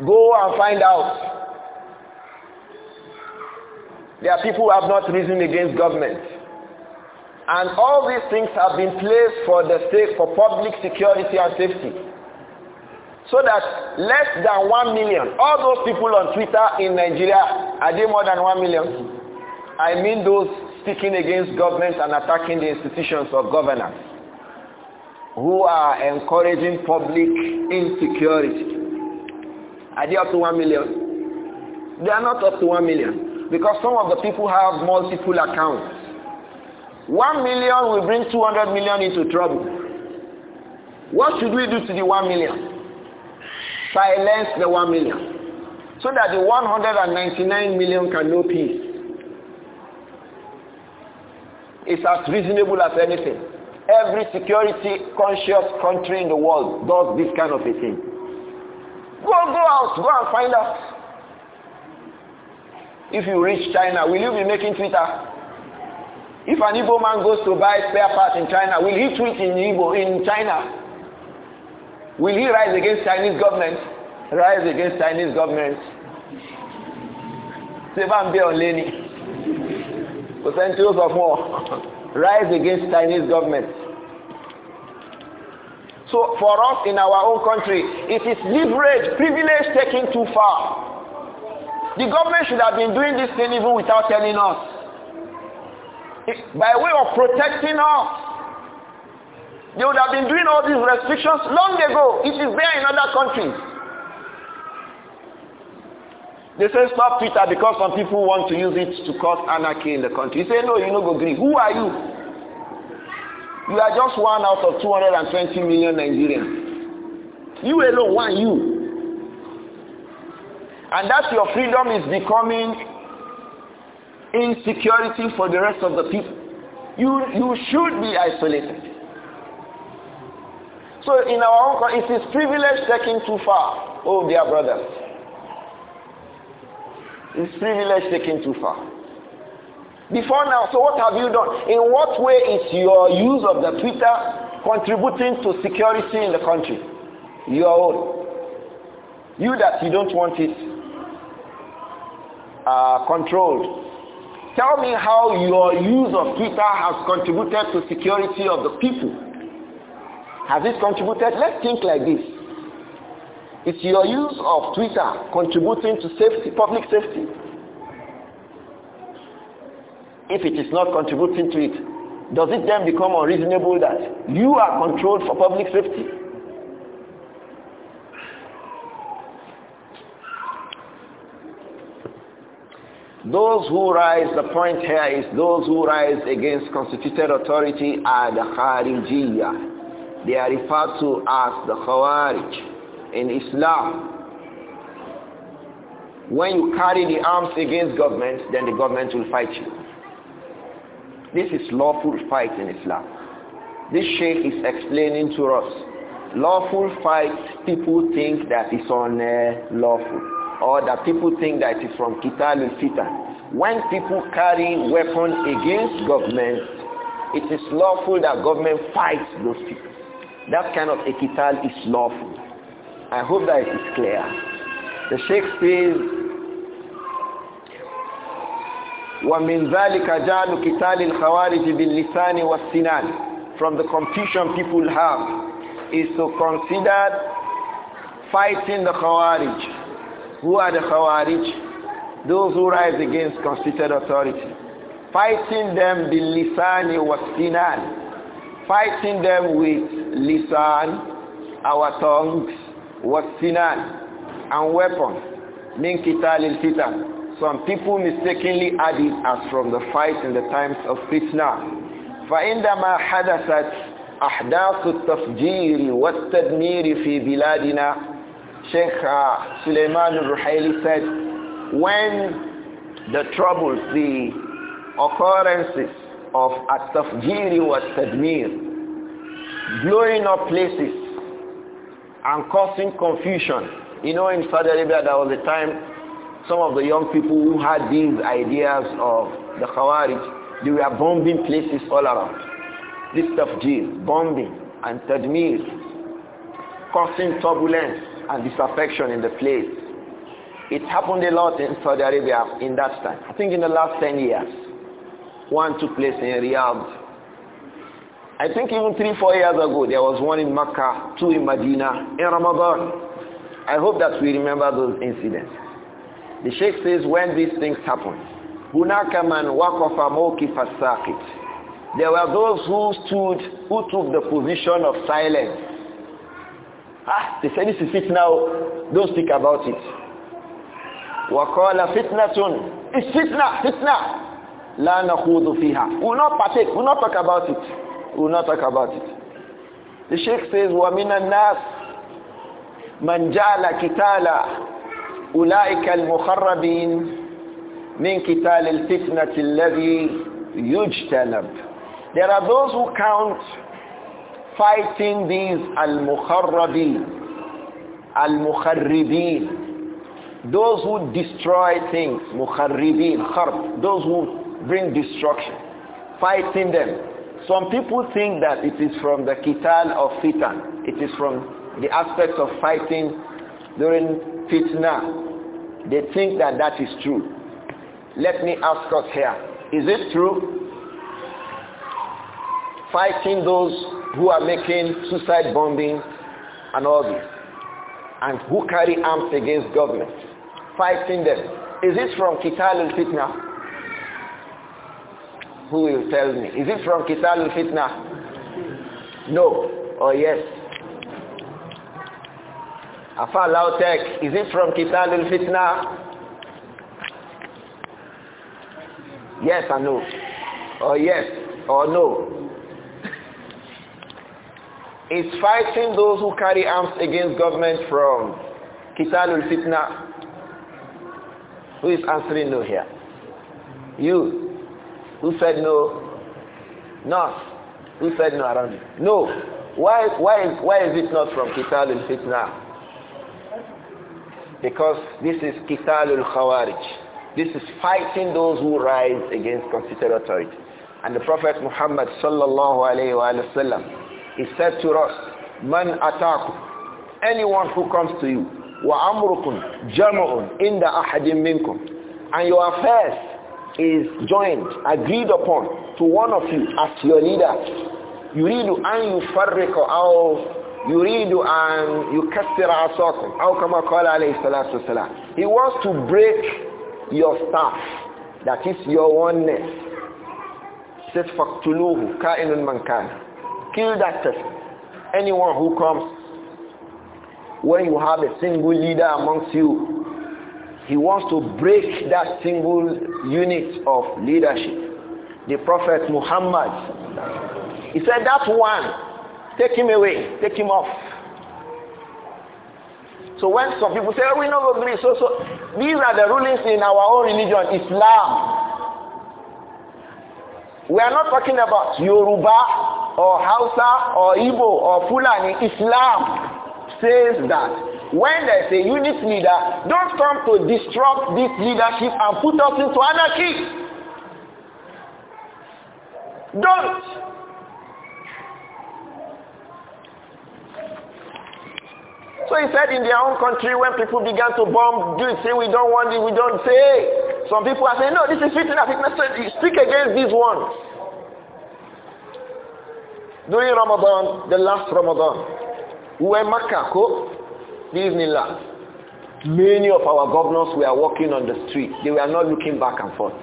[SPEAKER 1] Go and find out. There are people who have not risen against government. And all these things have been placed for the sake for public security and safety. So that less than one million, all those people on Twitter in Nigeria, are they more than one million? I mean those speaking against government and attacking the institutions of governance who are encouraging public insecurity. Are they up to one million? They are not up to one million. Because some of the people have multiple accounts. One million will bring 200 million into trouble. What should we do to the one million? Silence the one million. So that the 199 million can know peace. It's as reasonable as anything. Every security conscious country in the world does this kind of a thing. Go, go out, go and find out. If you reach China, will you be making Twitter? If an Igbo man goes to buy spare parts in China, will he tweet in Igbo in China? Will he rise against Chinese government? Rise against Chinese government. Sebanbe Oleni. Percentiles of more. Rise against Chinese government. So for us in our own country, it is leverage, privilege taken too far. The government should have been doing this thing even without telling us. by way of protecting us. They would have been doing all these restrictions long ago. It is there in other countries. They say stop Twitter because some people want to use it to cause anarchy in the country. You say no, you no go green. Who are you? You are just one out of 220 million Nigerians. You alone, one you. And that your freedom is becoming insecurity for the rest of the people. You, you should be isolated. So in our own it is privilege taken too far, oh dear brothers. It's privilege taken too far. Before now, so what have you done? In what way is your use of the Twitter contributing to security in the country? Your own. You that you don't want it, uh, controlled. Tell me how your use of Twitter has contributed to security of the people. Has it contributed? Let's think like this. Is your use of Twitter contributing to safety, public safety? If it is not contributing to it, does it then become unreasonable that you are controlled for public safety? Those who rise, the point here is those who rise against constituted authority are the Kharijiyah. They are referred to as the Khawarij in Islam. When you carry the arms against government, then the government will fight you. This is lawful fight in Islam. This sheikh is explaining to us. Lawful fight, people think that is unlawful or that people think that it is from Qital al Fita. When people carry weapons against government, it is lawful that government fights those people. That kind of Qital is lawful. I hope that it is clear. The Sheikh says, ومن ذلك جعل قتال الخوارج باللسان والسنان from the confusion people have is to consider fighting the Khawarij who are the Khawarij? Those who rise against constituted authority. Fighting them the lisani was finan. Fighting them with lisan, our tongues, was finan, and weapons. Min kital fitan. Some people mistakenly add it as from the fight in the times of fitna. فعندما حدثت أحداث التفجير والتدمير في بلادنا Sheikh uh, Suleiman al-Ruhaili said, when the troubles, the occurrences of at-tafjiri wa tadmir, blowing up places and causing confusion. You know, in Saudi Arabia, there was a time some of the young people who had these ideas of the Khawarij, they were bombing places all around. This tafjir, bombing and tadmir, causing turbulence and disaffection in the place. It happened a lot in Saudi Arabia in that time. I think in the last 10 years, one took place in Riyadh. I think even three, four years ago, there was one in Makkah, two in Medina, in Ramadan. I hope that we remember those incidents. The Sheikh says when these things happen, هُنَاكَ مَنْ وَقَفَ مَوْكِفَ السَّاقِطِ There were those who stood, who took the position of silence Ah, they say this is now oh. Don't speak about it. وَقَالَ soon. It's fitna, fitna. la نَخُوضُ فِيهَا We will not partake, we will not talk about it. We will not talk about it. The Sheikh says, وَمِنَ nas مَنْ kitala ulayk al الْمُخَرَّبِينَ min kital al-fitnati alladhi yujtalab there are those who count fighting these al-mukharrabin, al-mukharribin, those who destroy things, mukharribin, kharb, those who bring destruction, fighting them. Some people think that it is from the kital of fitan. It is from the aspect of fighting during fitna. They think that that is true. Let me ask us here, is it true? Fighting those who are making suicide bombing and all this, and who carry arms against government, fighting them. Is it from Kital al-Fitna? Who will tell me? Is it from Kital al-Fitna? No or oh, yes? Afa Lautek, is it from Kital al-Fitna? Yes or no? Or oh, yes or no? is fighting those who carry arms against government from al-Fitnah. Fitna. Who is answering no here? You. Who said no? Not. Who said no around you? No. Why, why, is, why is it not from Kitāl Fitna? Because this is Kitāl Khawarij. This is fighting those who rise against constituted authority. And the Prophet Muhammad sallallahu alayhi wa sallam he said to us, Man ataku, anyone who comes to you, wa amrukum jama'un inda ahadin minkum. And your affairs is joined, agreed upon to one of you as your leader. You read an yufarriqa aw yuridu an yukassira asakum aw kama qala alayhi salatu wasalam. He wants to break your staff. That is your oneness. Says faqtuluhu ka'inun man kana kill that person. Anyone who comes, when you have a single leader amongst you, he wants to break that single unit of leadership. The Prophet Muhammad, he said, that one, take him away, take him off. So when some people say, oh, we know agree, so, so, these are the rulings in our own religion, Islam. We are not talking about Yoruba, or Hausa or Igbo or Fulani, Islam says that when there's a unit leader, don't come to disrupt this leadership and put us into anarchy. Don't. So he said in their own country when people began to bomb, do say we don't want it, we don't say. Some people are saying, no, this is fitness, fitness, speak against these ones. During Ramadan, the last Ramadan, we were Makako, Disneyland. Many of our governors were walking on the street. They were not looking back and forth.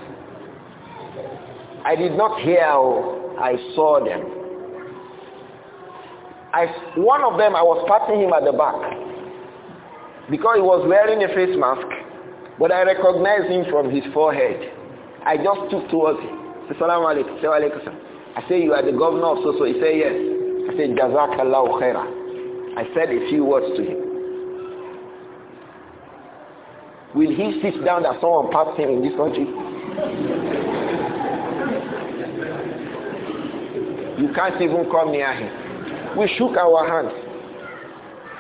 [SPEAKER 1] I did not hear, oh, I saw them. I, one of them, I was patting him at the back because he was wearing a face mask, but I recognized him from his forehead. I just took towards him. Assalamu alaikum. I say, you are the governor of so-so. He said, yes. I said, jazakallah khairah. I said a few words to him. Will he sit down that someone passed him in this country? you can't even come near him. We shook our hands.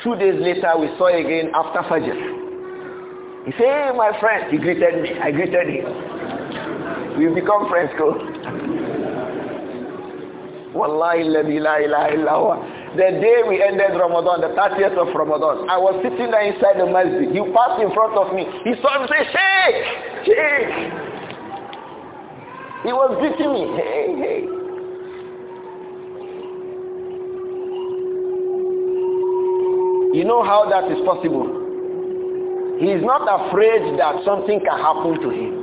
[SPEAKER 1] Two days later, we saw again after Fajr. He said, hey, my friend. He greeted me. I greeted him. We become friends, close. Wallahi, la ilaha illallah. The day we ended Ramadan, the 30th of Ramadan, I was sitting there inside the masjid. He passed in front of me. He saw me say, Sheikh! Sheikh! He was beating me. Hey, hey. You know how that is possible? He is not afraid that something can happen to him.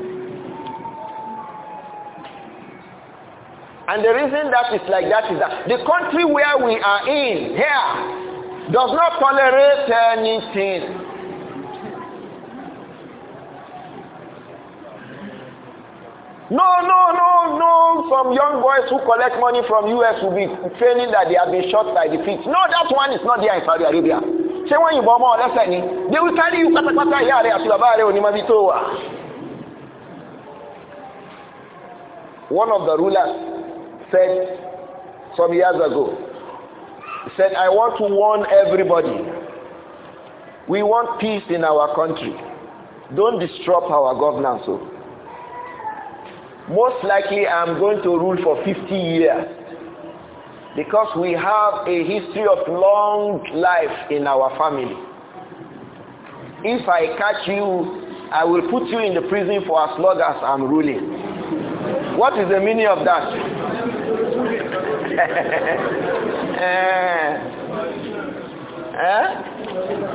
[SPEAKER 1] And the reason that it's like that is that the country where we are in, here, does not tolerate anything. No, no, no, no. Some young boys who collect money from US will be claiming that they have been shot by the feet. No, that one is not there in Saudi Arabia. Ṣé wọ́n yìnbọn ọmọ ọlẹ́sẹ̀ ni? They will tell you pátápátá ìyá rẹ̀ àti bàbá wà. One of the rulers said some years ago. He said, I want to warn everybody. We want peace in our country. Don't disrupt our governance. So. Oh. Most likely, I'm going to rule for 50 years because we have a history of long life in our family. If I catch you, I will put you in the prison for as long as I'm ruling. What is the meaning of that?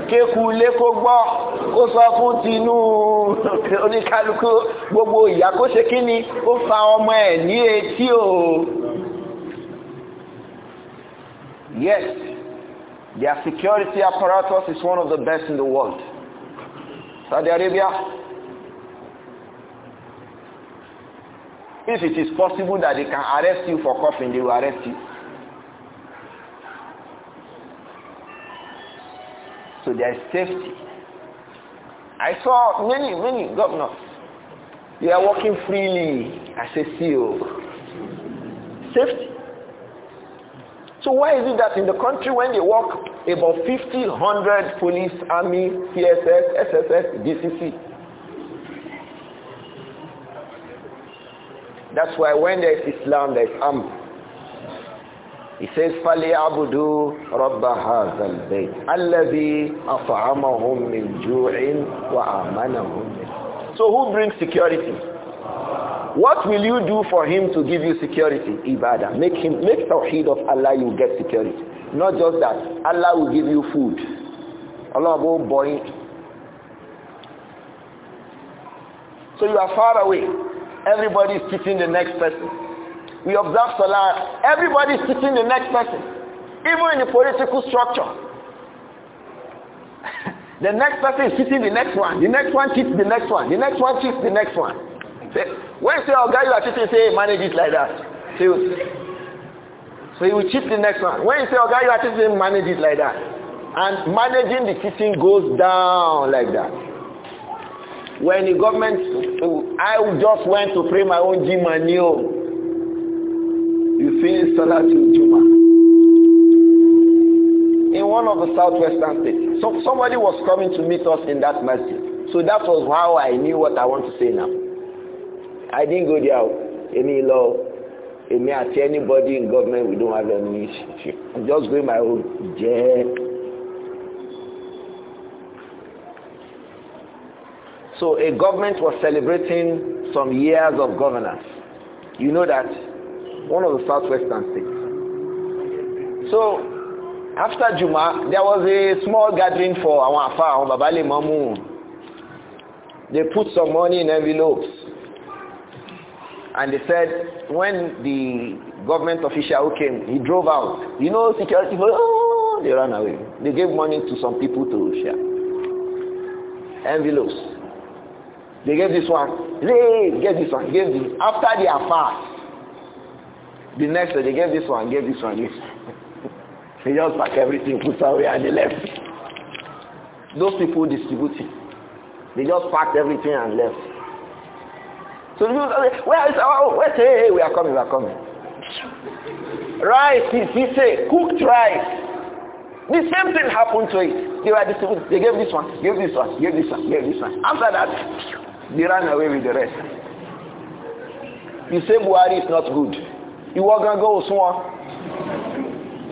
[SPEAKER 1] kéku ilé kó gbọ́ kó sọ fún tinú oníkálukú gbogbo ìyá kó ṣe kí ni ó fa ọmọ ẹ̀ ní etí o yes their security apparatus is one of the best in the world Saudi Arabia If it is possible that they can arrest you for coughing, they will arrest you. So there is safety. I saw many, many governors. They are working freely as a CEO. Safety. So why is it that in the country when they work, about 50, 100 police, army, CSS, SSS, DCC, That's why when there is Islam, there is Amr. He says, فَلْيَعْبُدُوا رَبَّ هَذَا الْبَيْتِ الَّذِي أَطْعَمَهُمْ مِنْ جُوعٍ وَآمَنَهُمْ So who brings security? What will you do for him to give you security? Ibadah. Make him, make tawheed of Allah, you get security. Not just that. Allah will give you food. Allah will bring. So you are far away. Everybody is teaching the next person. We observe Salah. Everybody is teaching the next person. Even in the political structure. the next person is teaching the next one. The next one cheats the next one. The next one cheats oh, oh. the next one. When you say, oh, guy, you are cheating," say, manage it like that. so you will cheat the next one. When you say, okay, you are cheating," manage it like that. And managing the cheating goes down like that. When the government, I just went to pray my own gym and you, see, Salat in Juma in one of the southwestern states. So somebody was coming to meet us in that masjid. So that was how I knew what I want to say now. I didn't go there. Any law, any at anybody in government, we don't have any issue. I'm just going my own. Yeah. So a government was celebrating some years of governance. You know that one of the southwestern states. So after Juma, there was a small gathering for our on Babali Mamu. They put some money in envelopes. And they said, when the government official who came, he drove out. You know, security, oh, they ran away. They gave money to some people to share. Envelopes. They gave this one. They get this one. Get this. After they are fast, the next day they gave this one. Get this one. This. they just pack everything, put away, and they left. Those people distributing. They just packed everything and left. So the people say, where is our, Wait, hey, hey, we are coming, we are coming. Rice, he, say, cooked rice. The same thing happened to it. They were distributed. They gave this one, gave this one, gave this one, gave this one. After that, they ran away with the rest. You say Buhari is not good. You Ìwọ gan gan òsùnwọ̀n.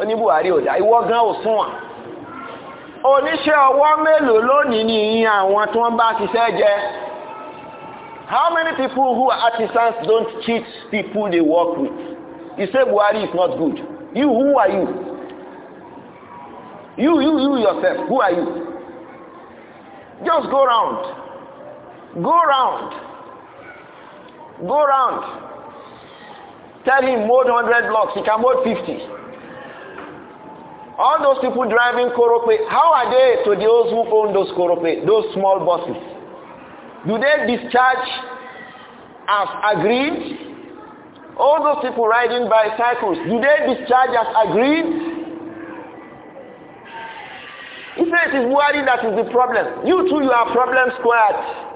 [SPEAKER 1] Ó ní Buhari ò dá. Ìwọ gan òsùnwọ̀n. Oníṣẹ́ ọwọ́ mélòó lónìí you ìyìn àwọn tí meloo lo ni iyin to ti back, He said, "Yeah. How many people who are artisans don't cheat people they work with? You say Buhari is not good. You, who are you? You, you, you yourself, who are you? Just go around Go round. Go round. Tell him mode 100 blocks. He can mode 50. All those people driving Korope, how are they to those who own those Korope, those small buses? Do they discharge as agreed? All those people riding bicycles, do they discharge as agreed? He says it's worry that is the problem. You too, you are problem squared.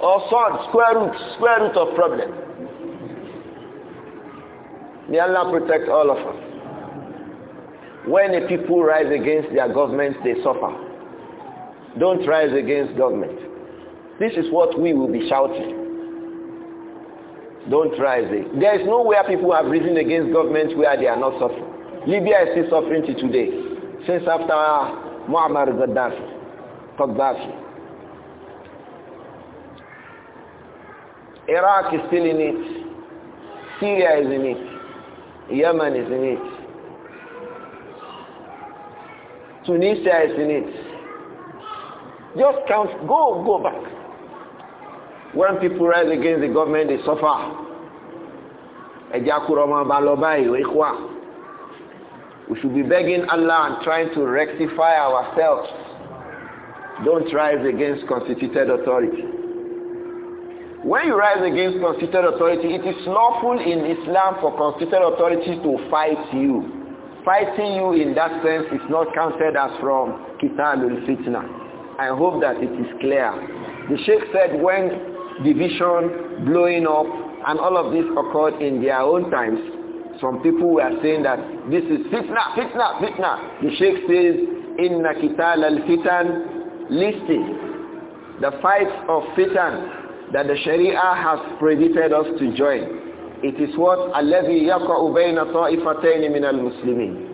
[SPEAKER 1] Or solve square root, square root of problem. May Allah protect all of us. When the people rise against their governments, they suffer. Don't rise against government. This is what we will be shouting. Don't rise. Against. There is nowhere people have risen against government where they are not suffering. Libya is still suffering to today since after Muammar Gaddafi. Gaddafi. Iraq is still in it. Syria is in it. Yemen is in it. Tunisia is in it. Just count, go, go back. When people rise against the government, they suffer. We should be begging Allah and trying to rectify ourselves. Don't rise against constituted authority. When you rise against constituted authority, it is lawful in Islam for constituted authority to fight you. Fighting you in that sense is not counted as from Kitabul Fitna. I hope that it is clear. The Sheikh said when division, blowing up, and all of this occurred in their own times, some people were saying that this is fitna, fitna, fitna. The Sheikh says, Inna kital al-fitan listed. The fight of fitan that the Sharia has predicted us to join. It is what الذي يقع بين طائفتين من المسلمين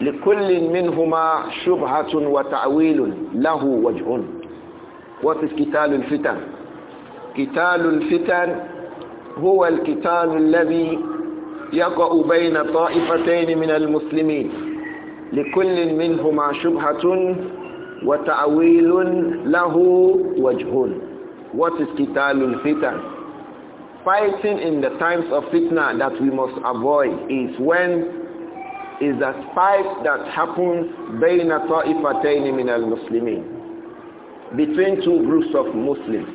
[SPEAKER 1] لكل منهما شبهة وتأويل له وجه What is قتال الفتن? قتال الفتن هو القتال الذي يقع بين طائفتين من المسلمين لكل منهما شبهة وتأويل له وجه what is qitalul fitan? Fighting in the times of fitna that we must avoid is when is that fight that happens بين طائفتين al-Muslimin, between two groups of Muslims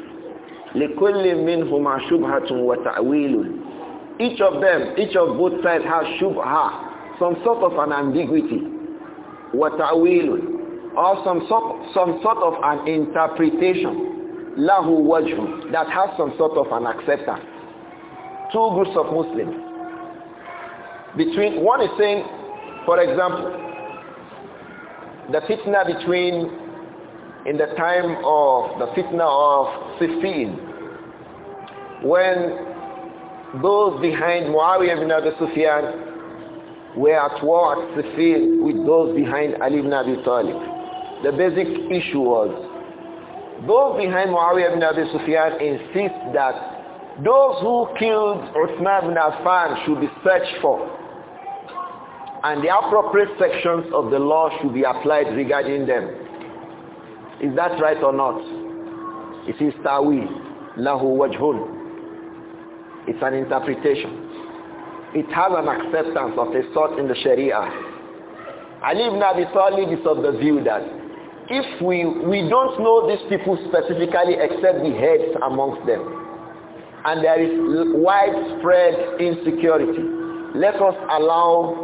[SPEAKER 1] لكل منهما شبهة وتأويل each of them each of both sides has shubha some sort of an ambiguity وتأويل or some sort, some sort of an interpretation lahu wajhu that has some sort of an acceptor. Two groups of Muslims. Between one is saying, for example, the fitna between in the time of the fitna of 15 when those behind Muawiyah ibn Abi Sufyan were at war at Sifin with those behind Ali ibn Abi Talib. The basic issue was those behind Muawiyah ibn Abi Sufyan insist that those who killed Uthman ibn Affan should be searched for. And the appropriate sections of the law should be applied regarding them. Is that right or not? It is ta'wil, lahu wajhun. It's an interpretation. It has an acceptance of a sort in the Sharia. Ali ibn Abi Talib is of the view that if we we don't know these people specifically except the heads amongst them and there is widespread insecurity let us allow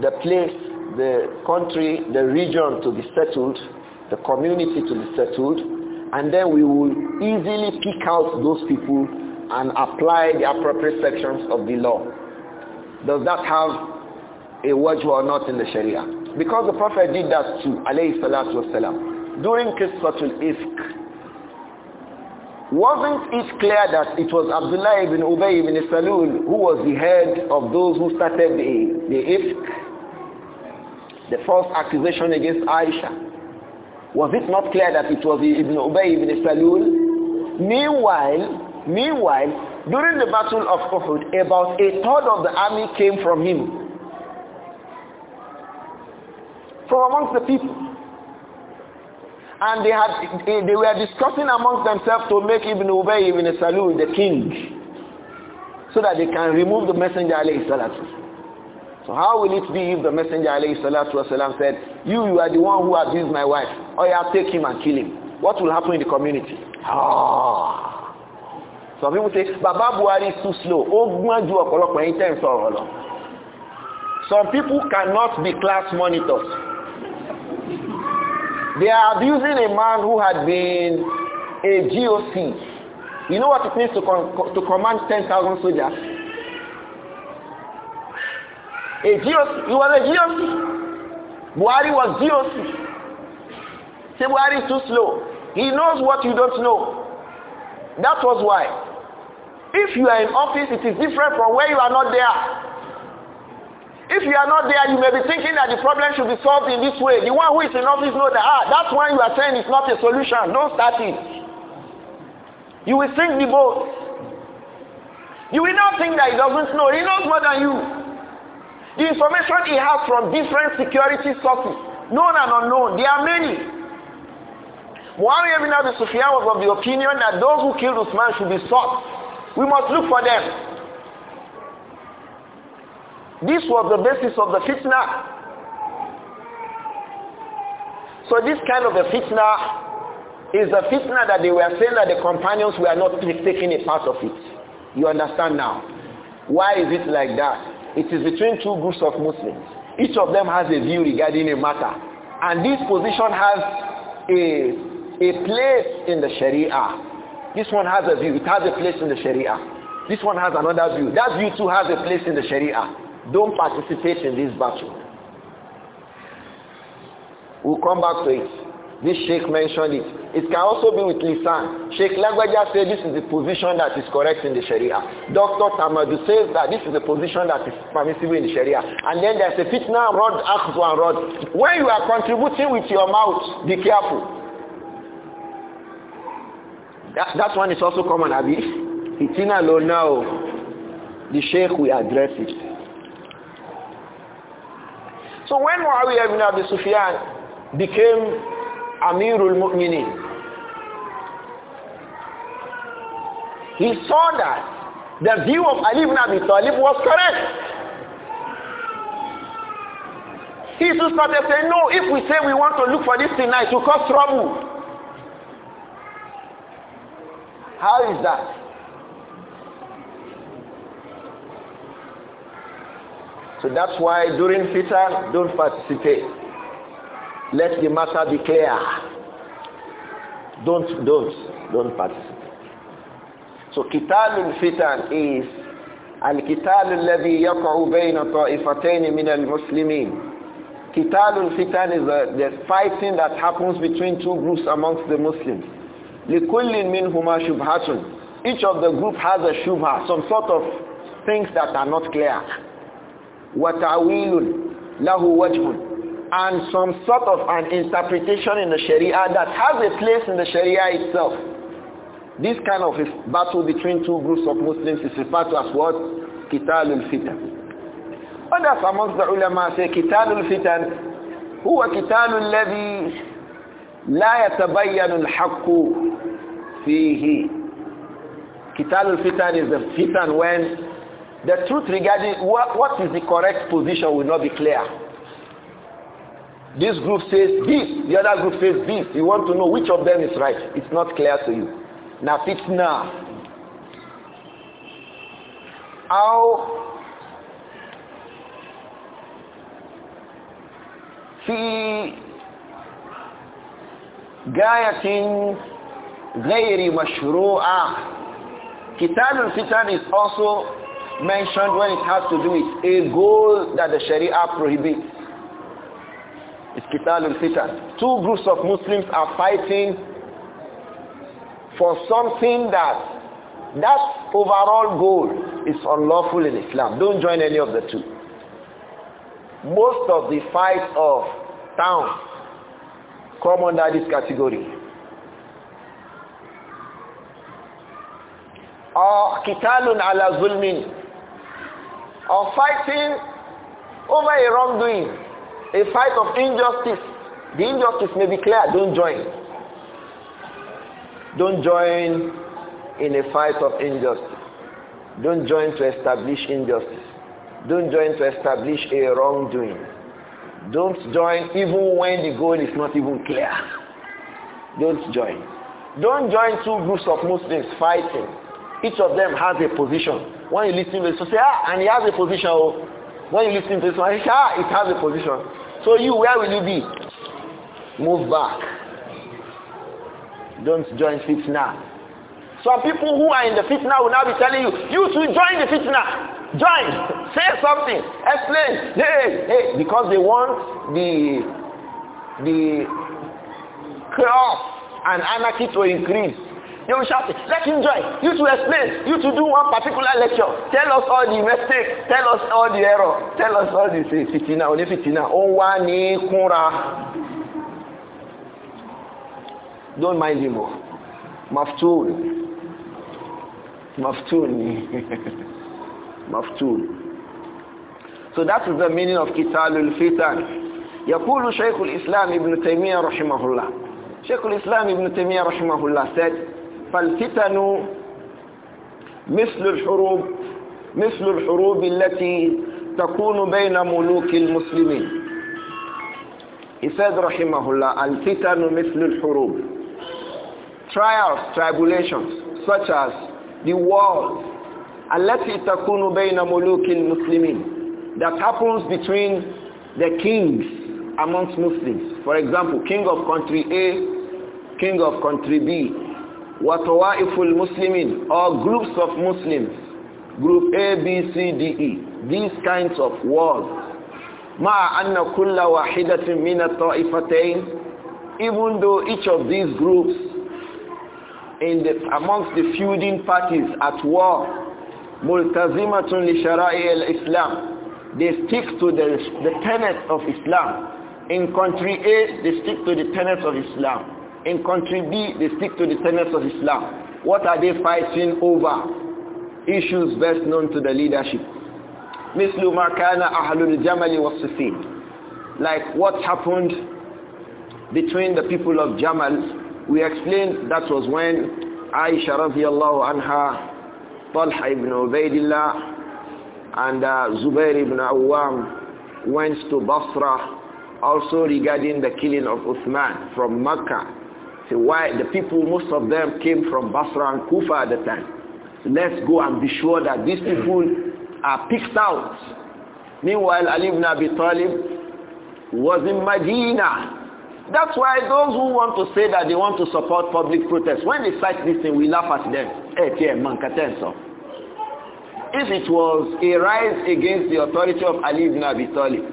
[SPEAKER 1] the place the country the region to be settled the community to be settled and then we will easily pick out those people and apply the appropriate sections of the law does that have a word you are not in the sharia because the prophet did that too alayhi salatu wasalam during qissatul ifk wasn't it clear that it was Abdullah ibn Ubay ibn Salul who was the head of those who started the, the ifk, the first accusation against Aisha? Was it not clear that it was Ibn Ubay ibn Salul? Meanwhile, meanwhile, during the battle of Uhud, about a third of the army came from him. from amongst the people. And they had they were discussing amongst themselves to make Ibn Ubay Ibn Salul the king so that they can remove the messenger alayhi salatu. So how will it be if the messenger alayhi salatu wasalam said, you, you are the one who abused my wife, or you have take him and kill him. What will happen in the community? Ah. Some people say, Baba Buhari is too slow. Ó gbọ́n ju ọ̀pọ̀lọpọ̀ yín tẹ́ ń sọ̀rọ̀ Some people cannot be class monitors. They are abusing a man who had been a GOC. You know what it means to, to command 10,000 soldiers? A GOC. You was a GOC. Buhari was GOC. Say Buhari is too slow. He knows what you don't know. That was why. If you are in office, it is different from where you are not there. If you are not there, you may be thinking that the problem should be solved in this way. The one who is in office knows that, ah, that's why you are saying it's not a solution. Don't start it. You will sink the boat. You will not think that he doesn't know. He knows more than you. The information he has from different security sources, known and unknown, there are many. Muawiya ibn Abi Sufyan was of the opinion that those who killed Usman should be sought. We must look for them. This was the basis of the fitna. So this kind of a fitna is a fitna that they were saying that the companions were not taking a part of it. You understand now? Why is it like that? It is between two groups of Muslims. Each of them has a view regarding a matter. And this position has a, a place in the Sharia. This one has a view. It has a place in the Sharia. This one has another view. That view too has a place in the Sharia. Don't participate in this battle. We'll come back to it. This sheikh mentioned it. It can also be with Lisan. Sheikh Lagwaja said this is the position that is correct in the Sharia. Dr. Tamadu says that this is the position that is permissible in the Sharia. And then there's a fitna, rod, akhzu, and rod. When you are contributing with your mouth, be careful. That, that one is also common, Abi. It's in alone now. The sheikh will address it. So when Muawiyah ibn Abi Sufyan became Amirul Mu'minin, he saw that the view of Ali ibn Abi Talib was correct. He too started saying, no, if we say we want to look for this thing now, it will cause trouble. How is that? So that's why during fitan, don't participate. Let the matter be clear. Don't, don't, don't participate. So qitalul fitan is al kital alladhi yaqa'u bayna ta'ifatayn min al-muslimin. Qitalul is the, the fighting that happens between two groups amongst the Muslims. لِكُلٍ مِنْهُمَا شُبْهَةٌ Each of the group has a shubha, some sort of things that are not clear. وَتَعْوِيلٌ لَهُ وَجْهٌ and some sort of an interpretation in the Sharia that has a place in the Sharia itself. This kind of battle between two groups of Muslims is referred to as what? Kitāl Fitan. Others amongst the ulama say Kitāl Fitan هو قتال الذي لا يتبين الحق فيه. Kitalul Fitan is the fitan when the truth regarding what, what is the correct position will not be clear. This group says this, the other group says this. You want to know which of them is right. It's not clear to you. Now fitna. How في غاية غير مشروعة Kitab al is also mentioned when it has to do with a goal that the Sharia prohibits. It's Qital al-Fitan. Two groups of Muslims are fighting for something that that overall goal is unlawful in Islam. Don't join any of the two. Most of the fight of towns come under this category. Or uh, kitalun ala zulmin or fighting over a wrongdoing, a fight of injustice, the injustice may be clear, don't join. Don't join in a fight of injustice. Don't join to establish injustice. Don't join to establish a wrongdoing. Don't join even when the goal is not even clear. Don't join. Don't join two groups of Muslims fighting each of them has a position. When you listen to this, you say, ah, and he has a position. Oh. When you listen to this one, say, ah, it has a position. So you, where will you be? Move back. Don't join fitna. Some people who are in the fitna will now be telling you, you should join the fitna. Join. Say something. Explain. Hey, hey. Because they want the the chaos and anarchy to increase. You will shout, let him join. You to explain. You to do one particular lecture. Tell us all the mistakes. Tell us all the error. Tell us all the fitina, only fitina. Oh, ni kura. Don't mind him. Oh. Maftool. Maftool. Maftool. So that is the meaning of Kitalul Fitan. يقول شيخ الإسلام ابن تيمية رحمه الله شيخ الإسلام ابن تيمية رحمه الله said فالفتن مثل الحروب مثل الحروب التي تكون بين ملوك المسلمين He said رحمه الله الفتن مثل الحروب Trials, tribulations such as the wars التي تكون بين ملوك المسلمين that happens between the kings amongst Muslims. For example, king of country A, king of country B, watawaiful muslimin or groups of muslims group a b c d e these kinds of wars ma anna wa wahidatin min at-ta'ifatayn even though each of these groups in the, amongst the feuding parties at war multazimatun li shara'i al-islam they stick to the, the tenets of islam in country a they stick to the tenets of islam in country B, they stick to the tenets of Islam. What are they fighting over? Issues best known to the leadership. مثل ما Jamal was الجمل والصفين Like what happened between the people of Jamal, we explained that was when Aisha radiallahu anha, Talha ibn Ubaidillah, and uh, Zubair ibn Awam went to Basra also regarding the killing of Uthman from Mecca so why the people, most of them came from Basra and Kufa at the time. So let's go and be sure that these people are picked out. Meanwhile, Ali ibn Abi Talib was in Medina. That's why those who want to say that they want to support public protests, when they cite this thing, we laugh at them. Eh, if it was a rise against the authority of Ali ibn Abi Talib,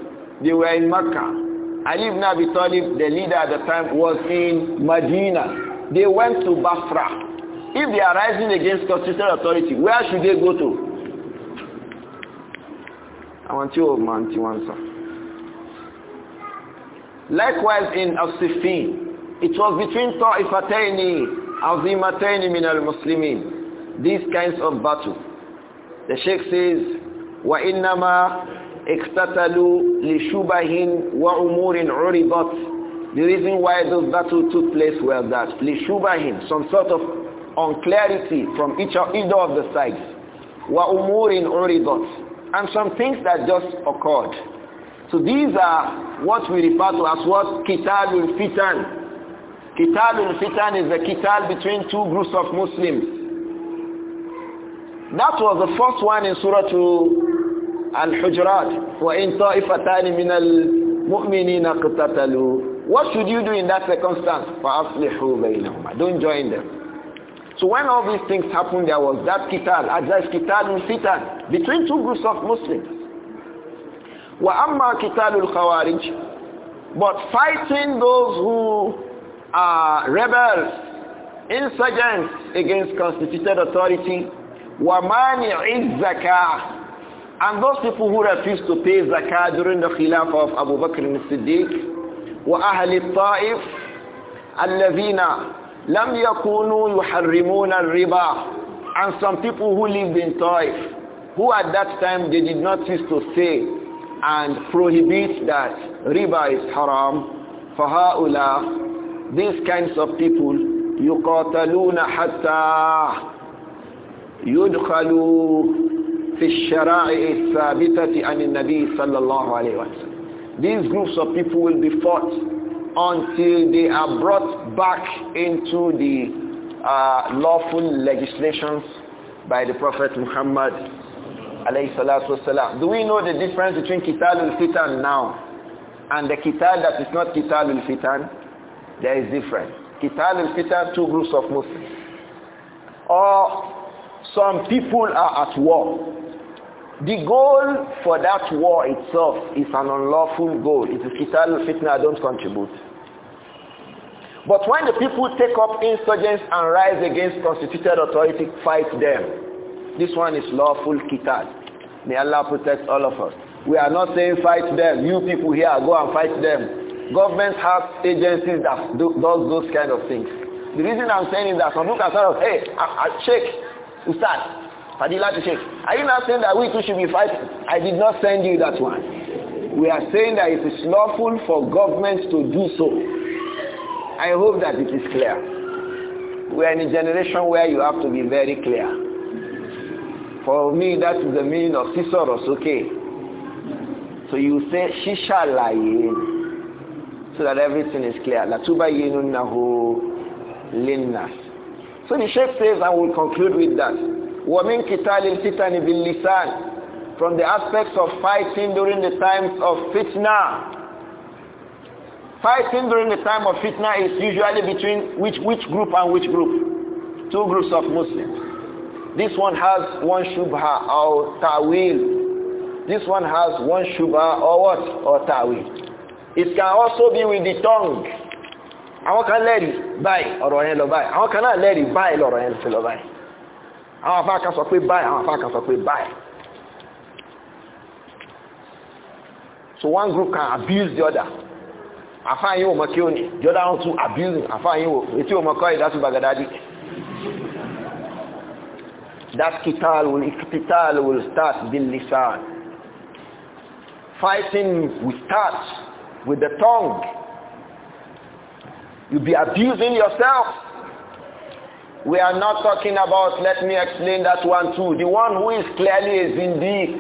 [SPEAKER 1] they were in Makkah Ali ibn Abi Talib, the leader at the time, was in Medina. They went to Basra. If they are rising against constitutional authority, where should they go to? I want you, man, to answer. Likewise in Asifin, it was between Ta'ifataini, Azimataini min al-Muslimin. These kinds of battles. The Sheikh says, وَإِنَّمَا اقتتلوا لشبه وأمور عرضت The reason why those battles took place were that لشبه some sort of unclarity from each of, either of the sides وأمور عرضت and some things that just occurred. So these are what we refer to as what Kitalul Fitan. Kitalul Fitan is the Kital between two groups of Muslims. That was the first one in Surah two. وَإِن طَائِفَتَانِ مِنَ الْمُؤْمِنِينَ اقْتَتَلُوا What should you do in that circumstance? فَأَصْلِحُوا بَيْنَهُمَا Don't join them. So when all these things happened, there was that qital, Ajaz qital fitan, between two groups of Muslims. وَأَمَّا qital al-khawarij But fighting those who are rebels, insurgents against constituted authority, وَمَانِعِ zakah. And those people who refused to pay zakat during the khilafah of Abu Bakr as-Siddiq al أهل الطائف الذين لم يكونوا يحرمون الربا and some people who lived in Taif who at that time they did not cease to say and prohibit that riba is haram فهؤلاء these kinds of people يقاتلون حتى يدخلوا في الشرائع الثابتة عن النبي صلى الله عليه وسلم These groups of people will be fought until they are brought back into the uh, lawful legislations by the Prophet Muhammad Do we know the difference between Kitāl Fitan now and the Kital that is not al-Fitan? Fitan? There is difference. Kitāl Fitan, two groups of Muslims. Or some people are at war. The goal for that war itself is an unlawful goal. It is qital fitna, don't contribute. But when the people take up insurgents and rise against constituted authority, fight them. This one is lawful qital. May Allah protect all of us. We are not saying fight them. You people here, go and fight them. Governments have agencies that do, does those kind of things. The reason I'm saying is that some people can of, hey, I, I check, Ustad, Fadila to Sheikh. Are you not saying that we two should be fighting? I did not send you that one. We are saying that it is lawful for government to do so. I hope that it is clear. We are in a generation where you have to be very clear. For me, that is the meaning of Cicero's, okay? So you say, Shisha Layin. So that everything is clear. Latuba Yinunnahu Linnas. So the Sheikh says, I will conclude with that. وَمِنْ قِتَالِ الْفِتَنِ بِاللِّسَانِ From the aspects of fighting during the times of fitna. Fighting during the time of fitna is usually between which, which group and which group? Two groups of Muslims. This one has one shubha or ta'wil. This one has one shubha or what? Or ta'wil. It can also be with the tongue. àwọn kan lẹ́rìí báyìí ọ̀rọ̀ yẹn lọ báyìí àwọn kan náà lẹ́rìí báyìí lọ̀rọ̀ yẹn lọ àwọn afá kan sọ pé báyìí àwọn afá kan sọ pé báyìí so one group can abuse the other afá yìí wò mọ kí ó the other one too abuse him afá yìí wò etí wò mọ kọ́ ẹ̀ dátú Baghdadi that qital will qital will start bil lisan fighting will start with the tongue you be abusing yourself We are not talking about, let me explain that one too. The one who is clearly a zindiq.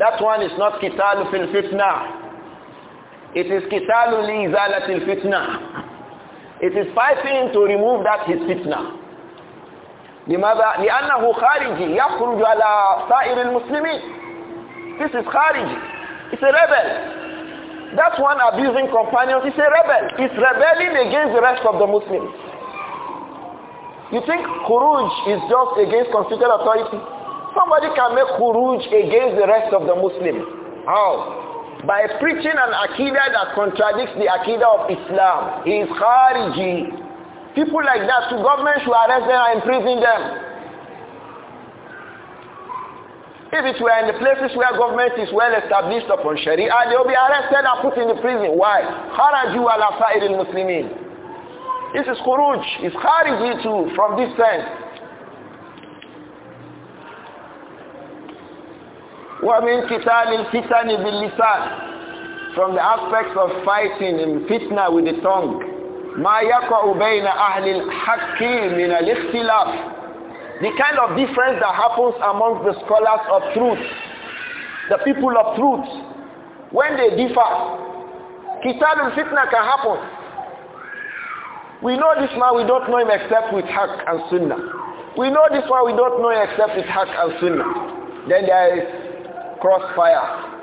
[SPEAKER 1] That one is not kitalu fil fitna. It is kitalu li fil fitna. It is fighting to remove that his fitna. لماذا لانه خارجي يخرج على سائر المسلمين this is خارجي it's a rebel that one abusing companions is a rebel it's rebelling against the rest of the muslims you think khuruj is just against constituted authority? Somebody can make khuruj against the rest of the Muslims. How? By preaching an akidah that contradicts the akidah of Islam. He is khariji. People like that, to government should arrest them and imprison them. If it were in the places where government is well established upon Sharia, they will be arrested and put in the prison. Why? Kharaju ala fa'iril muslimin. This is khuruj. It's kharij you too from this sense. وَمِنْ قِتَالِ الْفِتَنِ بِاللِّسَانِ From the aspects of fighting and fitna with the tongue. مَا يَقَعُ بَيْنَ أَهْلِ الْحَقِّ مِنَ الْإِخْتِلَافِ The kind of difference that happens amongst the scholars of truth, the people of truth, when they differ. Qital al-fitna can happen. We know this man, we don't know him except with Haqq and Sunnah. We know this one, we don't know him except with Haqq and Sunnah. Then there is crossfire.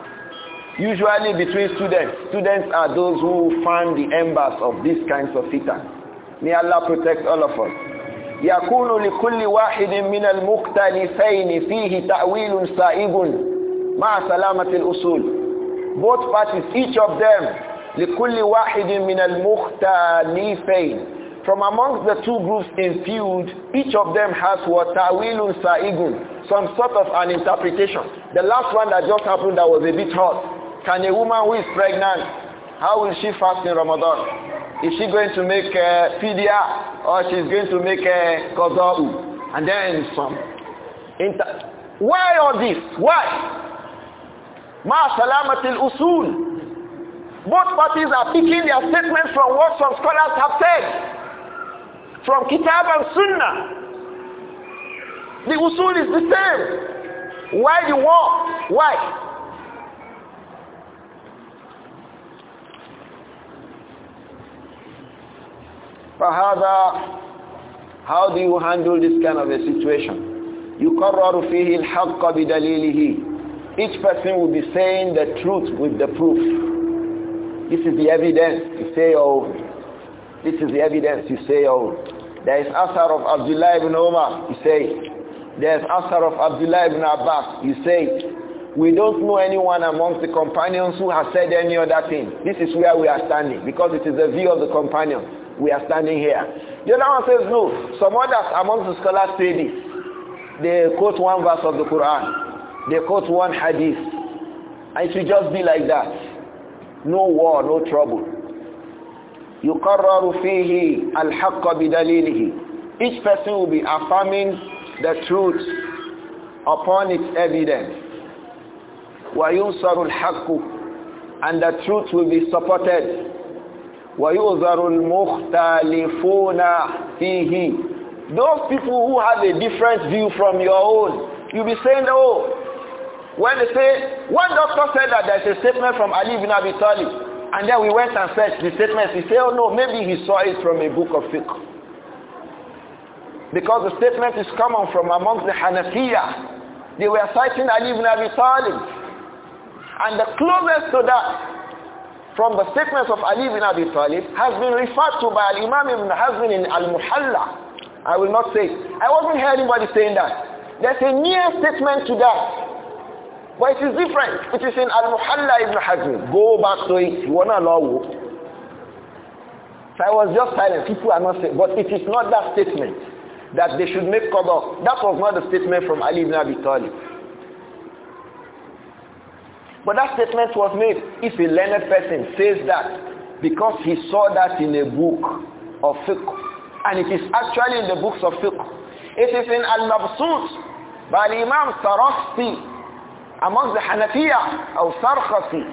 [SPEAKER 1] Usually between students, students are those who fan the embers of these kinds of fitan. May Allah protect all of us. يكون لكل واحد من المختلفين فيه تأويل سائغ مع سلامة الأصول. Both parties, each of them لِكُلِّ وَاحِدٍ مِنَ الْمُخْتَلِفَيْنِ From among the two groups feud, each of them has what ta'wilun sa'igun, some sort of an interpretation. The last one that just happened that was a bit hot. Can a woman who is pregnant, how will she fast in Ramadan? Is she going to make a uh, fidya or she's going to make a uh, qada'u? And then some. Inter Why all this? Why? Ma salamatil usul. Both parties are picking their statements from what some scholars have said, from Kitab and Sunnah. The usul is the same. Why the war? Why? فهذا how do you handle this kind of a situation يقرر فيه الحق بدليله each person will be saying the truth with the proof this is the evidence. You say Oh, This is the evidence. You say Oh, There is Asar of Abdullah ibn Omar. You say There is Asar of Abdullah ibn Abbas. You say we don't know anyone amongst the companions who has said any other thing. This is where we are standing because it is the view of the companions. We are standing here. The other one says no. Some others amongst the scholars say this. They quote one verse of the Quran. They quote one hadith. And it should just be like that. No war, no trouble. يقرر فيه الحق بدليله Each person will be affirming the truth upon its evidence. وينصر الحق and the truth will be supported. ويُذَرُ الْمُخْتَلِفُونَ fihi. Those people who have a different view from your own, you'll be saying, oh, when they say, one doctor said that there's a statement from Ali ibn Abi Talib, and then we went and searched the statement. He said, oh no, maybe he saw it from a book of fiqh. Because the statement is common from among the Hanafiya. They were citing Ali ibn Abi Talib. And the closest to that from the statements of Ali ibn Abi Talib has been referred to by Imam ibn Hazm in Al-Muhalla. I will not say I wasn't hear anybody saying that. There's a near statement to that but it is different. It is in Al-Muhalla ibn Hazm. Go back to it. You wanna law So I was just silent. People are not saying, but it is not that statement that they should make cover. That was not the statement from Ali ibn Abi Talib. But that statement was made. If a learned person says that because he saw that in a book of fiqh, and it is actually in the books of fiqh, it is in Al-Mabsut by Imam Sarasti amongst the Hanafiya or Sarkhasi,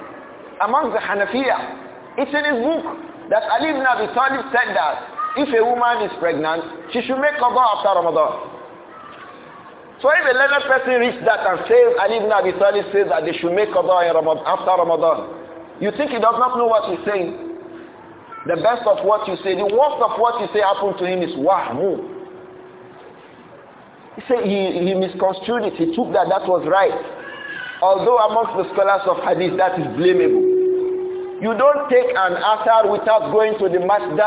[SPEAKER 1] amongst the Hanafiya, it's in his book that Ali ibn Abi Talib said that if a woman is pregnant, she should make qada after Ramadan. So if a learned person reads that and says Ali ibn Abi Talib says that they should make qada after Ramadan, you think he does not know what he's saying? The best of what you say, the worst of what you say happened to him is wahmu. He said he, he misconstrued it. He took that that was right. Although amongst the scholars of hadith that is blamable. You don't take an asar without going to the masjid.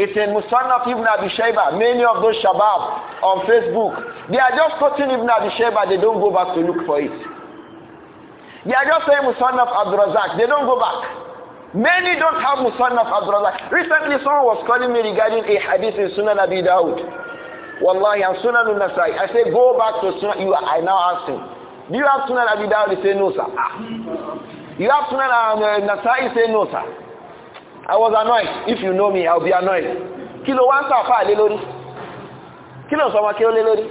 [SPEAKER 1] It's in Musannaf Ibn Abi Shayba. Many of those Shabab on Facebook, they are just quoting Ibn Abi Shayba. They don't go back to look for it. They are just saying Musannaf Abdul Razak. They don't go back. Many don't have Musannaf Abdul Razak. Recently, someone was calling me regarding a hadith in Sunan Abi Dawud. Wallahi, and Sunan al-Nasai. I say, go back to Sunan. You are, I now ask him. Do you have Sunan Abi Dawud? say no, sir. Ah. You have Sunan um, uh, Nasai? Say no, sir. I was annoyed. If you know me, I'll be annoyed. Kí ló wá ń sàfà lé lórí? Kí ló ń sọmọ kí ó lé lórí?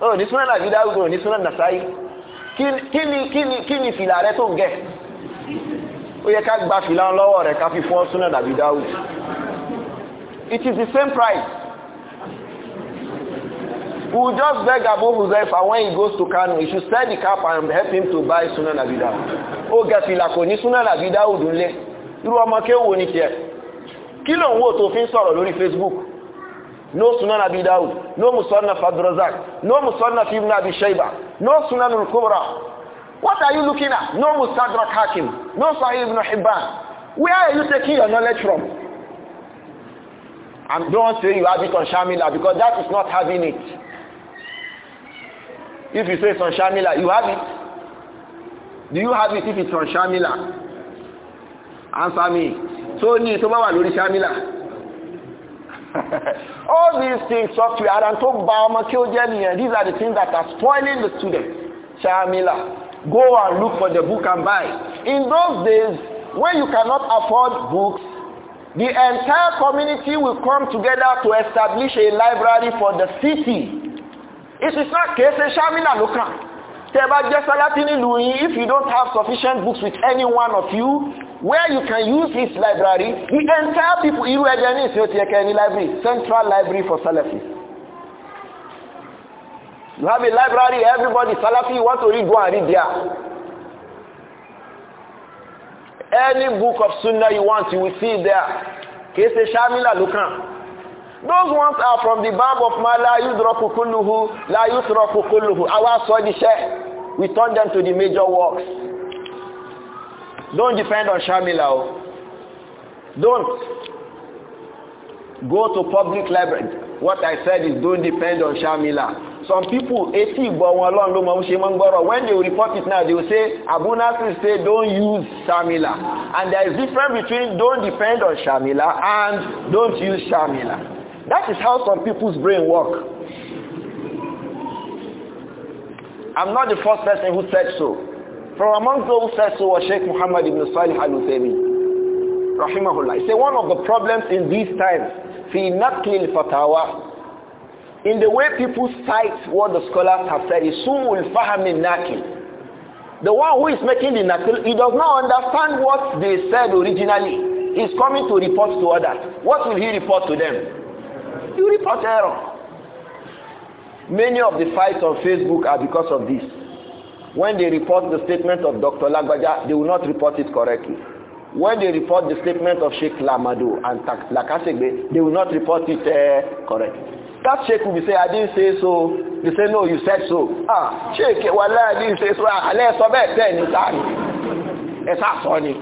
[SPEAKER 1] Ó oh, ní Sunan Abi Dawud ó ní Sunan Nasai. Kí ni kí ni kí ni fìlà rẹ tó ń gẹ̀? Ó yẹ ká gba fìlà lọ́wọ́ rẹ̀ ká fi fún Sunan Abi Dawud. It is the same price. We will just beg Abu Huzaifa when he goes to Kano, he should sell the cap and help him to buy Suna Abida. Ó gẹ̀ fìlà kò ní Suna Abida òdúnlé. Irú ọmọ kí wo ní tiẹ̀? Kí ló ń wò tó fi ń sọ̀rọ̀ Facebook? No Suna Abi Dawud, no Musannaf Abdurrazak, no Musannaf Ibn Abi Shayba, no Suna al What are you looking at? No Mustadrak Hakim, no Sahih Ibn Hibban. Where are you taking your knowledge from? And don't say you have it on Shamila because that is not having it. If you say it's on Shamila, you have it. Do you have it if it's on Shamila? Answer me. So ni tó bá wà lórí Shamila. All these things software and tó bá ọmọ kí ó jẹ́ nìyẹn. These are the things that are spoiling the student. Shamila. Go and look for the book and buy. In those days, when you cannot afford books, the entire community will come together to establish a library for the city It is not eh? ṣámínà ló kàn tẹ́ bá jẹ́ sálátí if you don't have sufficient books with any one of you where you can use his library the can tell people irú ẹgbẹ́ ní ìsìn ní library central library for salafi you have a library everybody salafi you want to read go and read there any book of sunnah you want you will see there kéèsè shamil ló kàn those ones are from the bab of ma la yudraku kulluhu, la yutraku kulluhu. Our Swadishah, we turn them to the major works. Don't depend on Shamila. Don't. Go to public library. What I said is don't depend on Shamila some people when they report it now they will say abu nasir say don't use shamila and there is difference between don't depend on shamila and don't use shamila. That is how some people's brain work. I'm not the first person who said so. From among those who said so was Sheikh Muhammad ibn Salih al-Uthaymeen. Rahimahullah. He said one of the problems in these times, fi naqli al-fatawa, in the way people cite what the scholars have said is su'ul faham naqil. The one who is making the naqil, he does not understand what they said originally. He's coming to report to others. What will he report to them? You report error. Many of the fights on Facebook are because of this. When they report the statement of Dr. Lagbaja, they will not report it correctly. When they report the statement of Sheikh Lamado and Lakasekbe, they will not report it uh, correctly. That Sheikh will be saying, I didn't say so. They say, no, you said so. Ah, Sheikh, wala, I didn't say so. Ah, let's go then. It's funny.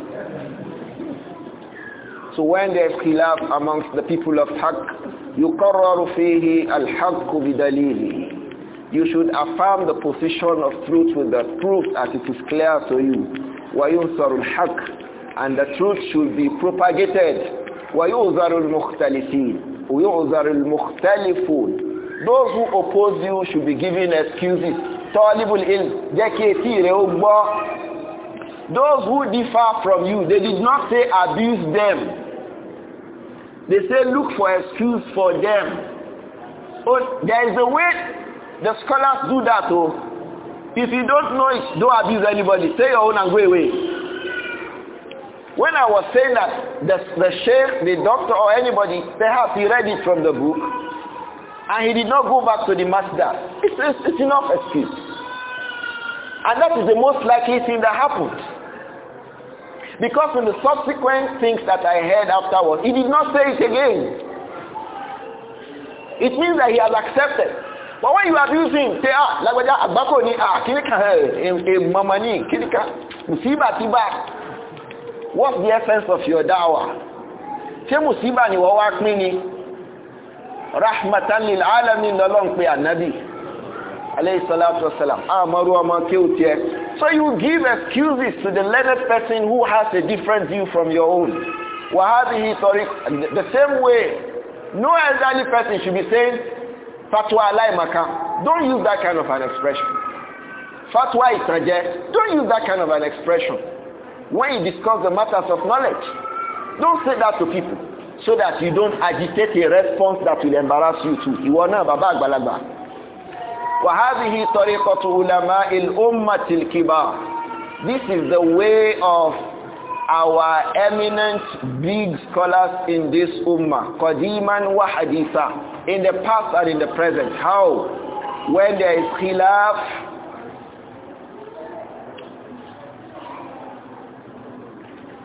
[SPEAKER 1] So when there's khilaf amongst the people of Haqq, يقرر فيه الحق بدليله you should affirm the position of truth with the proof as it is clear to you وينصر الحق and the truth should be propagated وَيُعْذَرُ المختلفين وَيُعْذَرُ المختلفون those who oppose you should be given excuses طالب العلم jẹ́ kí etí rẹ̀ those who differ from you they did not say abuse them they say look for excuse for them. Oh, there is a way the scholars do that. Oh. If you don't know it, don't abuse anybody. Stay your own and go away. When I was saying that the, the sheikh, the doctor or anybody, perhaps he read it from the book and he did not go back to the master. It's, it's, it's enough excuse. And that is the most likely thing that happened. Because in the subsequent things that I heard afterwards, he did not say it again. It means that he has accepted. But when you are using, say, ah, lagbaja agbako ni, ah, kirika, eh, eh, eh, mama ni, kirika, musiba tiba. What's the essence of your dawa. Ṣé musiba ni wọ́n Rahmatan lil alamin lọ́lọ́ ń pe Ah, so you give excuses to the learned person who has a different view from your own. The same way, no elderly person should be saying, Fatwa alai maka. Don't use that kind of an expression. Fatwa itaje. Don't use that kind of an expression. When you discuss the matters of knowledge, don't say that to people so that you don't agitate a response that will embarrass you too. You are not Baba Agbalagba. وهذه طريقة علماء الأمة الكبار This is the way of our eminent big scholars in this ummah قديما وحديثا in the past and in the present how when there is khilaf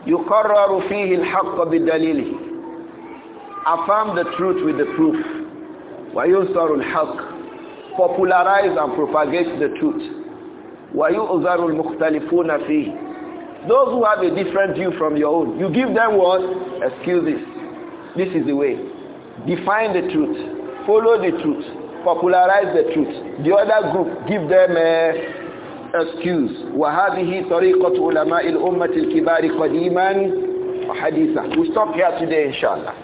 [SPEAKER 1] يقرر فيه الحق بدليله affirm the truth with the proof وينصر الحق popularize and propagate the truth Wa وَيُؤْذَرُ mukhtalifuna فِيهِ Those who have a different view from your own, you give them what? Excuses. This is the way. Define the truth. Follow the truth. Popularize the truth. The other group, give them a eh, excuse. Wa hadhihi وَهَذِهِ طَرِيقَةُ عُلَمَاءِ الْأُمَّةِ الْكِبَارِ قَدِيمًا haditha. We stop here today, inshallah.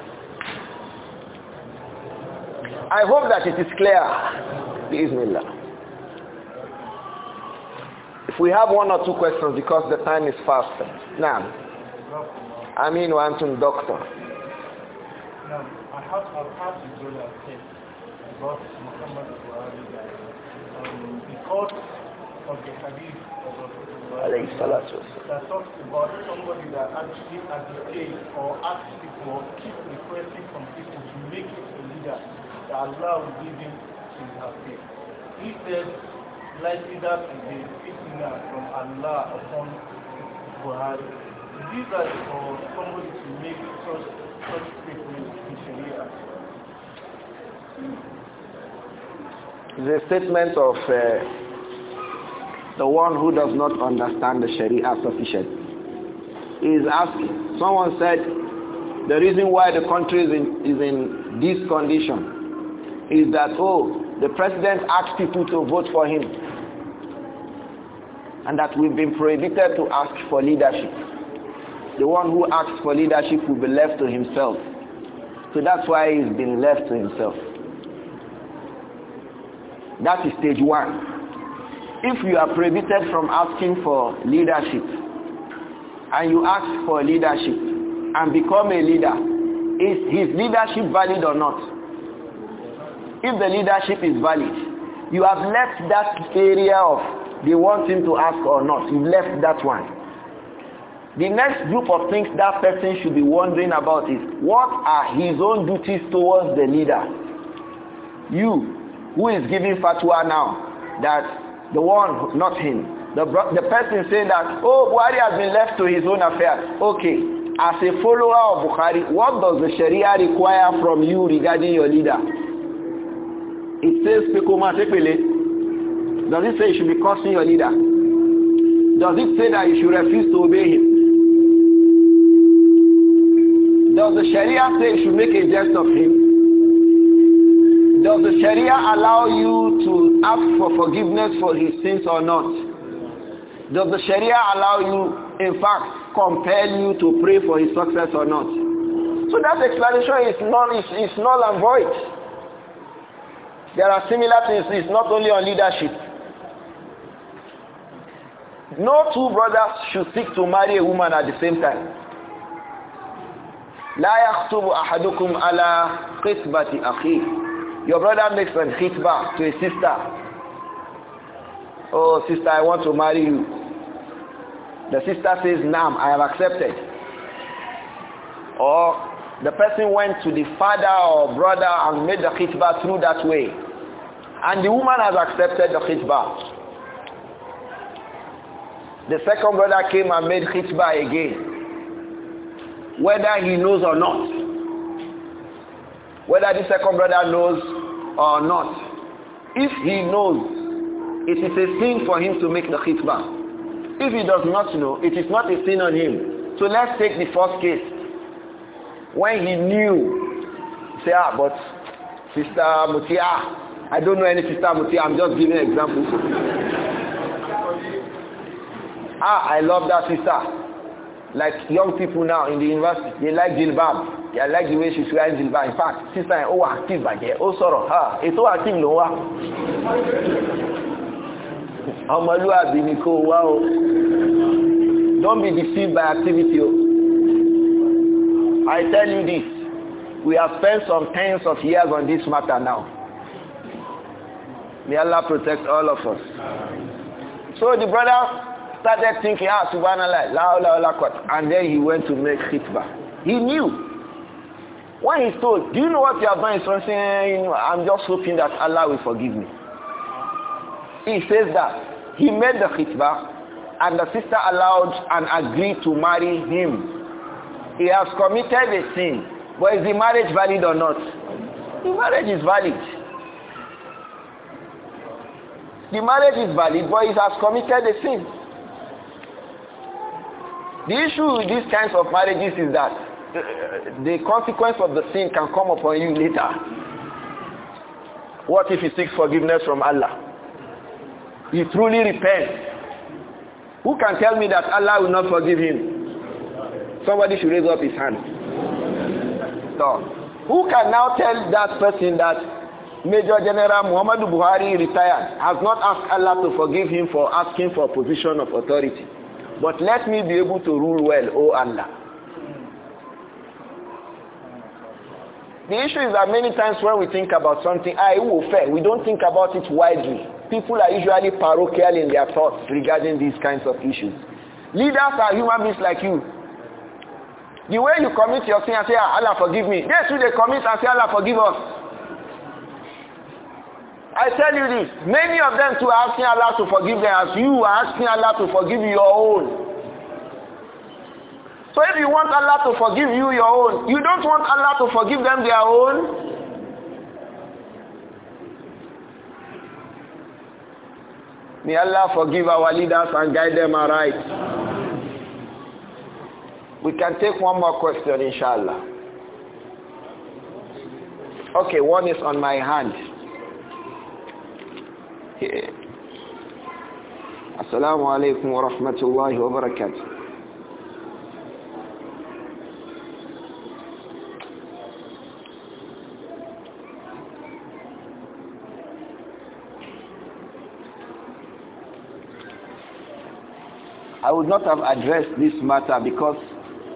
[SPEAKER 1] I hope that it is clear. Please, Bismillah. If we have one or two questions because the time is fast. Now,
[SPEAKER 2] I mean, I'm to doctor. No, I have, I have to go to about Muhammad Buhari um, because of the hadith alayhi salatu that talks about somebody that actually or asks people or keeps requesting from people to make it a leader. Allah will give him his escape. He says, likely that is a fitna from Allah upon Buhari. These are for somebody to make such, such statements in Sharia.
[SPEAKER 1] The statement of uh, the one who does not understand the Sharia sufficient is asking. Someone said, the reason why the country is in, is in this condition is that, oh, the president asked people to vote for him. And that we've been prohibited to ask for leadership. The one who asks for leadership will be left to himself. So that's why he's been left to himself. That is stage one. If you are prohibited from asking for leadership, and you ask for leadership, and become a leader, is his leadership valid or not? if the leadership is valid, you have left that area of they want him to ask or not. You left that one. The next group of things that person should be wondering about is what are his own duties towards the leader? You, who is giving fatwa now, that the one, not him, the, the person saying that, oh, Buhari has been left to his own affairs. Okay, as a follower of Bukhari, what does the Sharia require from you regarding your leader? It says Pekomatekele. Does it say you should be cursing your leader? Does it say that you should refuse to obey him? Does the Sharia say you should make a jest of him? Does the Sharia allow you to ask for forgiveness for his sins or not? Does the Sharia allow you, in fact, compel you to pray for his success or not? So that explanation is null, is, is null and void. There are similar things. It's not only on leadership. No two brothers should seek to marry a woman at the same time. لا يخطب أحدكم على خطبة أخيه Your brother makes an khitbah to a sister. Oh, sister, I want to marry you. The sister says, Nam, I have accepted. Or the person went to the father or brother and made the khitbah through that way. And the woman has accepted the khitbah. The second brother came and made khitbah again. Whether he knows or not. Whether the second brother knows or not. If he knows, it is a sin for him to make the khitbah. If he does not know, it is not a sin on him. So let's take the first case. when he knew, he ah, but Sister Mutia, I don't know any Sister Mutia, I'm just giving an example. ah, I love that sister. Like young people now in the university, they like Jilbab. They like the way she's wearing Jilbab. In fact, sister ẹ̀ ó wà active bàjẹ́, ó sọ̀rọ̀, ha, ah, ètò active ló wá. Ọmọlúwàbí ni kò wá o. Don't be deceived by activity o. I tell you this. We have spent some tens of years on this matter now. May Allah protect all of us. So the brother started thinking, ah, subhanallah, la la la quat. And then he went to make khitbah. He knew. When he's told, do you know what you have done? He's saying, I'm just hoping that Allah will forgive me. He says that. He made the khitbah and the sister allowed and agreed to marry him he has committed a sin. But is the marriage valid or not? The marriage is valid. The marriage is valid, but he has committed a sin. The issue with these kinds of marriages is that uh, the consequence of the sin can come upon you later. What if he seeks forgiveness from Allah? He truly repents. Who can tell me that Allah will not forgive him? Somebody should raise up his hand. So, who can now tell that person that Major General Muhammad Buhari retired has not asked Allah to forgive him for asking for a position of authority? But let me be able to rule well, O Allah. The issue is that many times when we think about something, I will fail. We don't think about it widely. People are usually parochial in their thoughts regarding these kinds of issues. Leaders are human beings like you. The way you commit your sin and say, ah, Allah forgive me. Yes, who they commit and say, Allah forgive us. I tell you this, many of them too are asking Allah to forgive them as you are asking Allah to forgive your own. So if you want Allah to forgive you your own, you don't want Allah to forgive them their own? May Allah forgive our leaders and guide them aright. We can take one more question, inshallah. Okay, one is on my hand. Yeah. Assalamu alaikum wa rahmatullahi wa barakatuh. I would not have addressed this matter because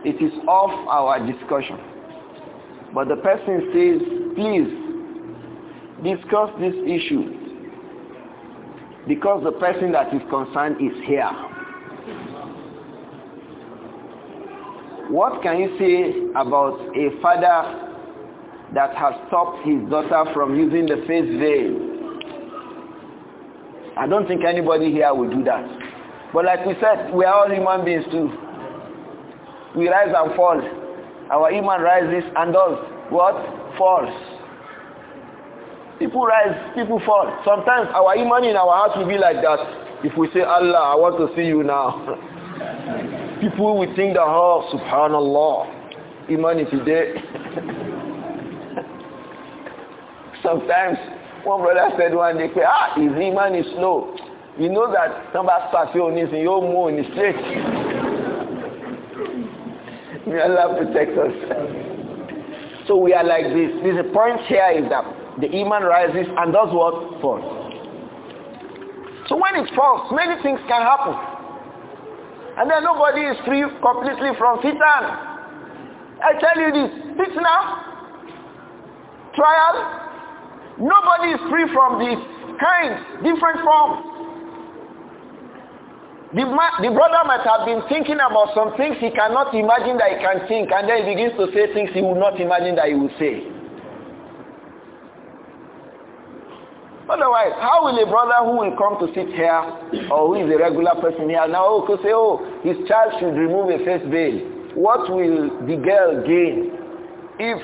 [SPEAKER 1] it is off our discussion but the person says please discuss this issue because the person that is concerned is here what can you say about a father that has stopped his daughter from using the face veil i don't think anybody here would do that but like we said we are all human beings too we rise and fall. Our iman rises and does what? Falls. People rise, people fall. Sometimes our iman in our heart will be like that. If we say, Allah, I want to see you now. people will think that, oh, subhanallah, iman is dead. sometimes one brother said one day ah his iman is slow you know that number start say onisin yóò in the straight May Allah protect us. so we are like this. This the point here is that the iman rises and does what? Falls. So when it falls, many things can happen. And then nobody is free completely from fitan. I tell you this, fitna, trial, nobody is free from this kind, different forms. The, ma the brother might have been thinking about some things he cannot imagine that he can think and then he begins to say things he would not imagine that he will say. Otherwise, how will a brother who will come to sit here or who is a regular person here now could oh, say, oh, his child should remove a face veil. What will the girl gain if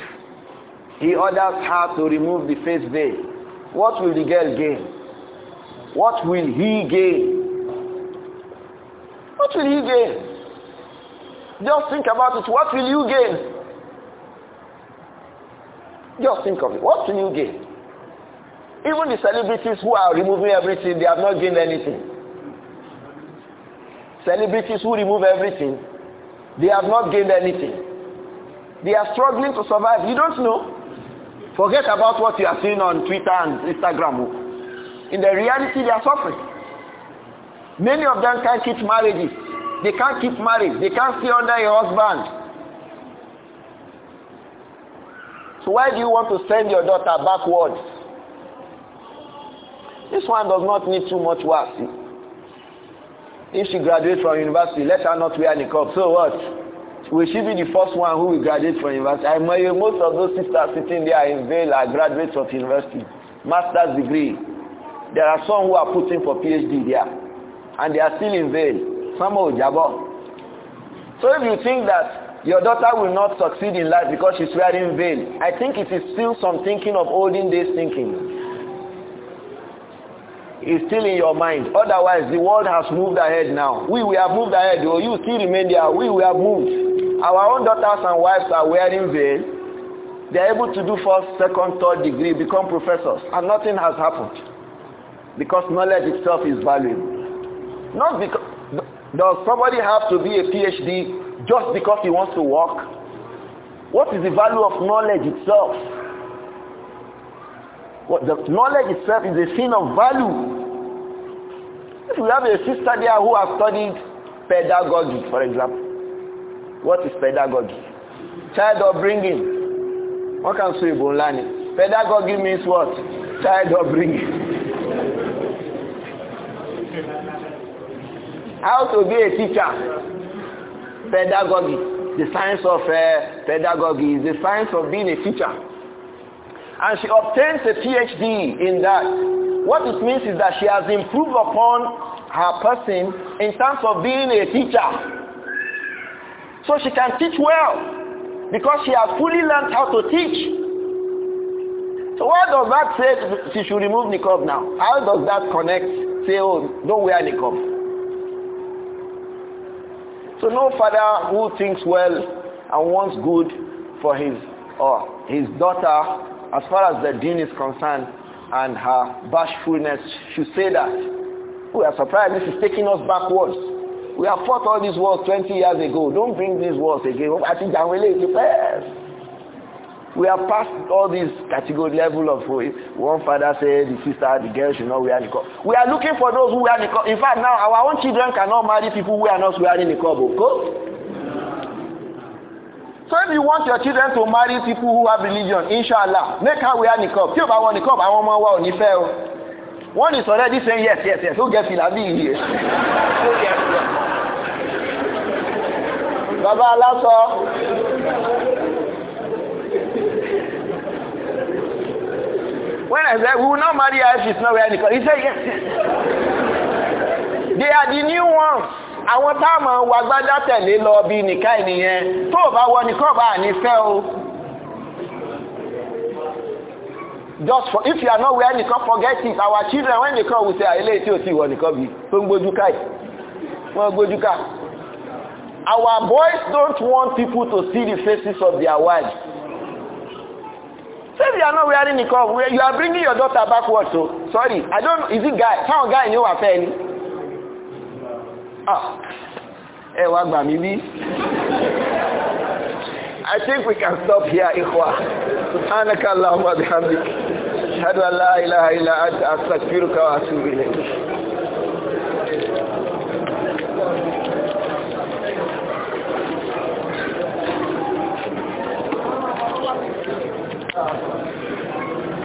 [SPEAKER 1] he orders her to remove the face veil? What will the girl gain? What will he gain? What will you gain? Just think about it. What will you gain? Just think of it. What will you gain? Even the celebrities who are removing everything, they have not gained anything. Celebrities who remove everything, they have not gained anything. They are struggling to survive. You don't know. Forget about what you are seeing on Twitter and Instagram. In the reality, they are suffering. Many of them can't keep marriages. They can't keep marriage. They can't stay under a husband. So why do you want to send your daughter backwards? This one does not need too much work. If she graduates from university, let her not wear niqab. So what? Will she be the first one who will graduate from university? I mean, most of those sisters sitting there in veil are graduates of university, master's degree. There are some who are putting for PhD there and they are still in veil. Some of jabber. So if you think that your daughter will not succeed in life because she's wearing veil, I think it is still some thinking of olden days thinking. It's still in your mind. Otherwise, the world has moved ahead now. We, we have moved ahead. Or oh, you still remain there. We, we have moved. Our own daughters and wives are wearing veil. They're able to do first, second, third degree, become professors, and nothing has happened. Because knowledge itself is valuable. Not because, does somebody have to be a PhD just because he wants to work? What is the value of knowledge itself? What, the knowledge itself is a thing of value. If we have a sister there who has studied pedagogy, for example, what is pedagogy? Child upbringing. What can say about learning? Pedagogy means what? Child upbringing. How to be a teacher. Pedagogy. The science of uh, pedagogy is the science of being a teacher. And she obtains a PhD in that. What it means is that she has improved upon her person in terms of being a teacher. So she can teach well because she has fully learned how to teach. So why does that say she should remove niqab now? How does that connect? Say, oh, don't wear niqab. So no father who thinks well and wants good for his or his daughter as far as the deen is concerned and her bashfulness should say that. We are surprised this is taking us backwards. We have fought all these wars 20 years ago. Don't bring these wars again. I think Janwele is the best. We are past all these category level of oh, one father said the sister, the girl should not wear niqab. We are looking for those who wear niqab. In fact, now our own children cannot marry people who are not wearing niqab. Okay? Oh. So if you want your children to marry people who have religion, inshallah, make her wear niqab. Tí o bá wọ niqab, àwọn ọmọ wa ò ní fẹ́ o. One is already saying yes, yes, yes, Who in the fìlà bí iye. Bàbá
[SPEAKER 2] aláṣọ.
[SPEAKER 1] When I said, we will not marry her if she's not wearing nikah. He said, yes, They are the new ones. Àwọn táàmù wagbádá tẹ̀lé lọ bí nìka ènìyàn tó bá wọ nìkan bá ní fẹ́ o. Just for if you are not wearing nìkan forget it our children when they come we say àìlè ah, tí o ti wọ nìkan bí tó ń gbójú ká yìí wọ́n gbójú ká. Our boys don't want people to see the faces of their wives. Say they are not wearing niqab, you are bringing your daughter backwards. So oh. sorry, I don't. Is it guy? How guy ni wà fẹ́ ni? Ah, ẹ wá gbà mí bí. I think we can stop here, Ikwa. Subhanaka Allahumma bihamdik. Ashhadu an la ilaha illa anta astaghfiruka wa atubu ilayk.
[SPEAKER 2] Thank you.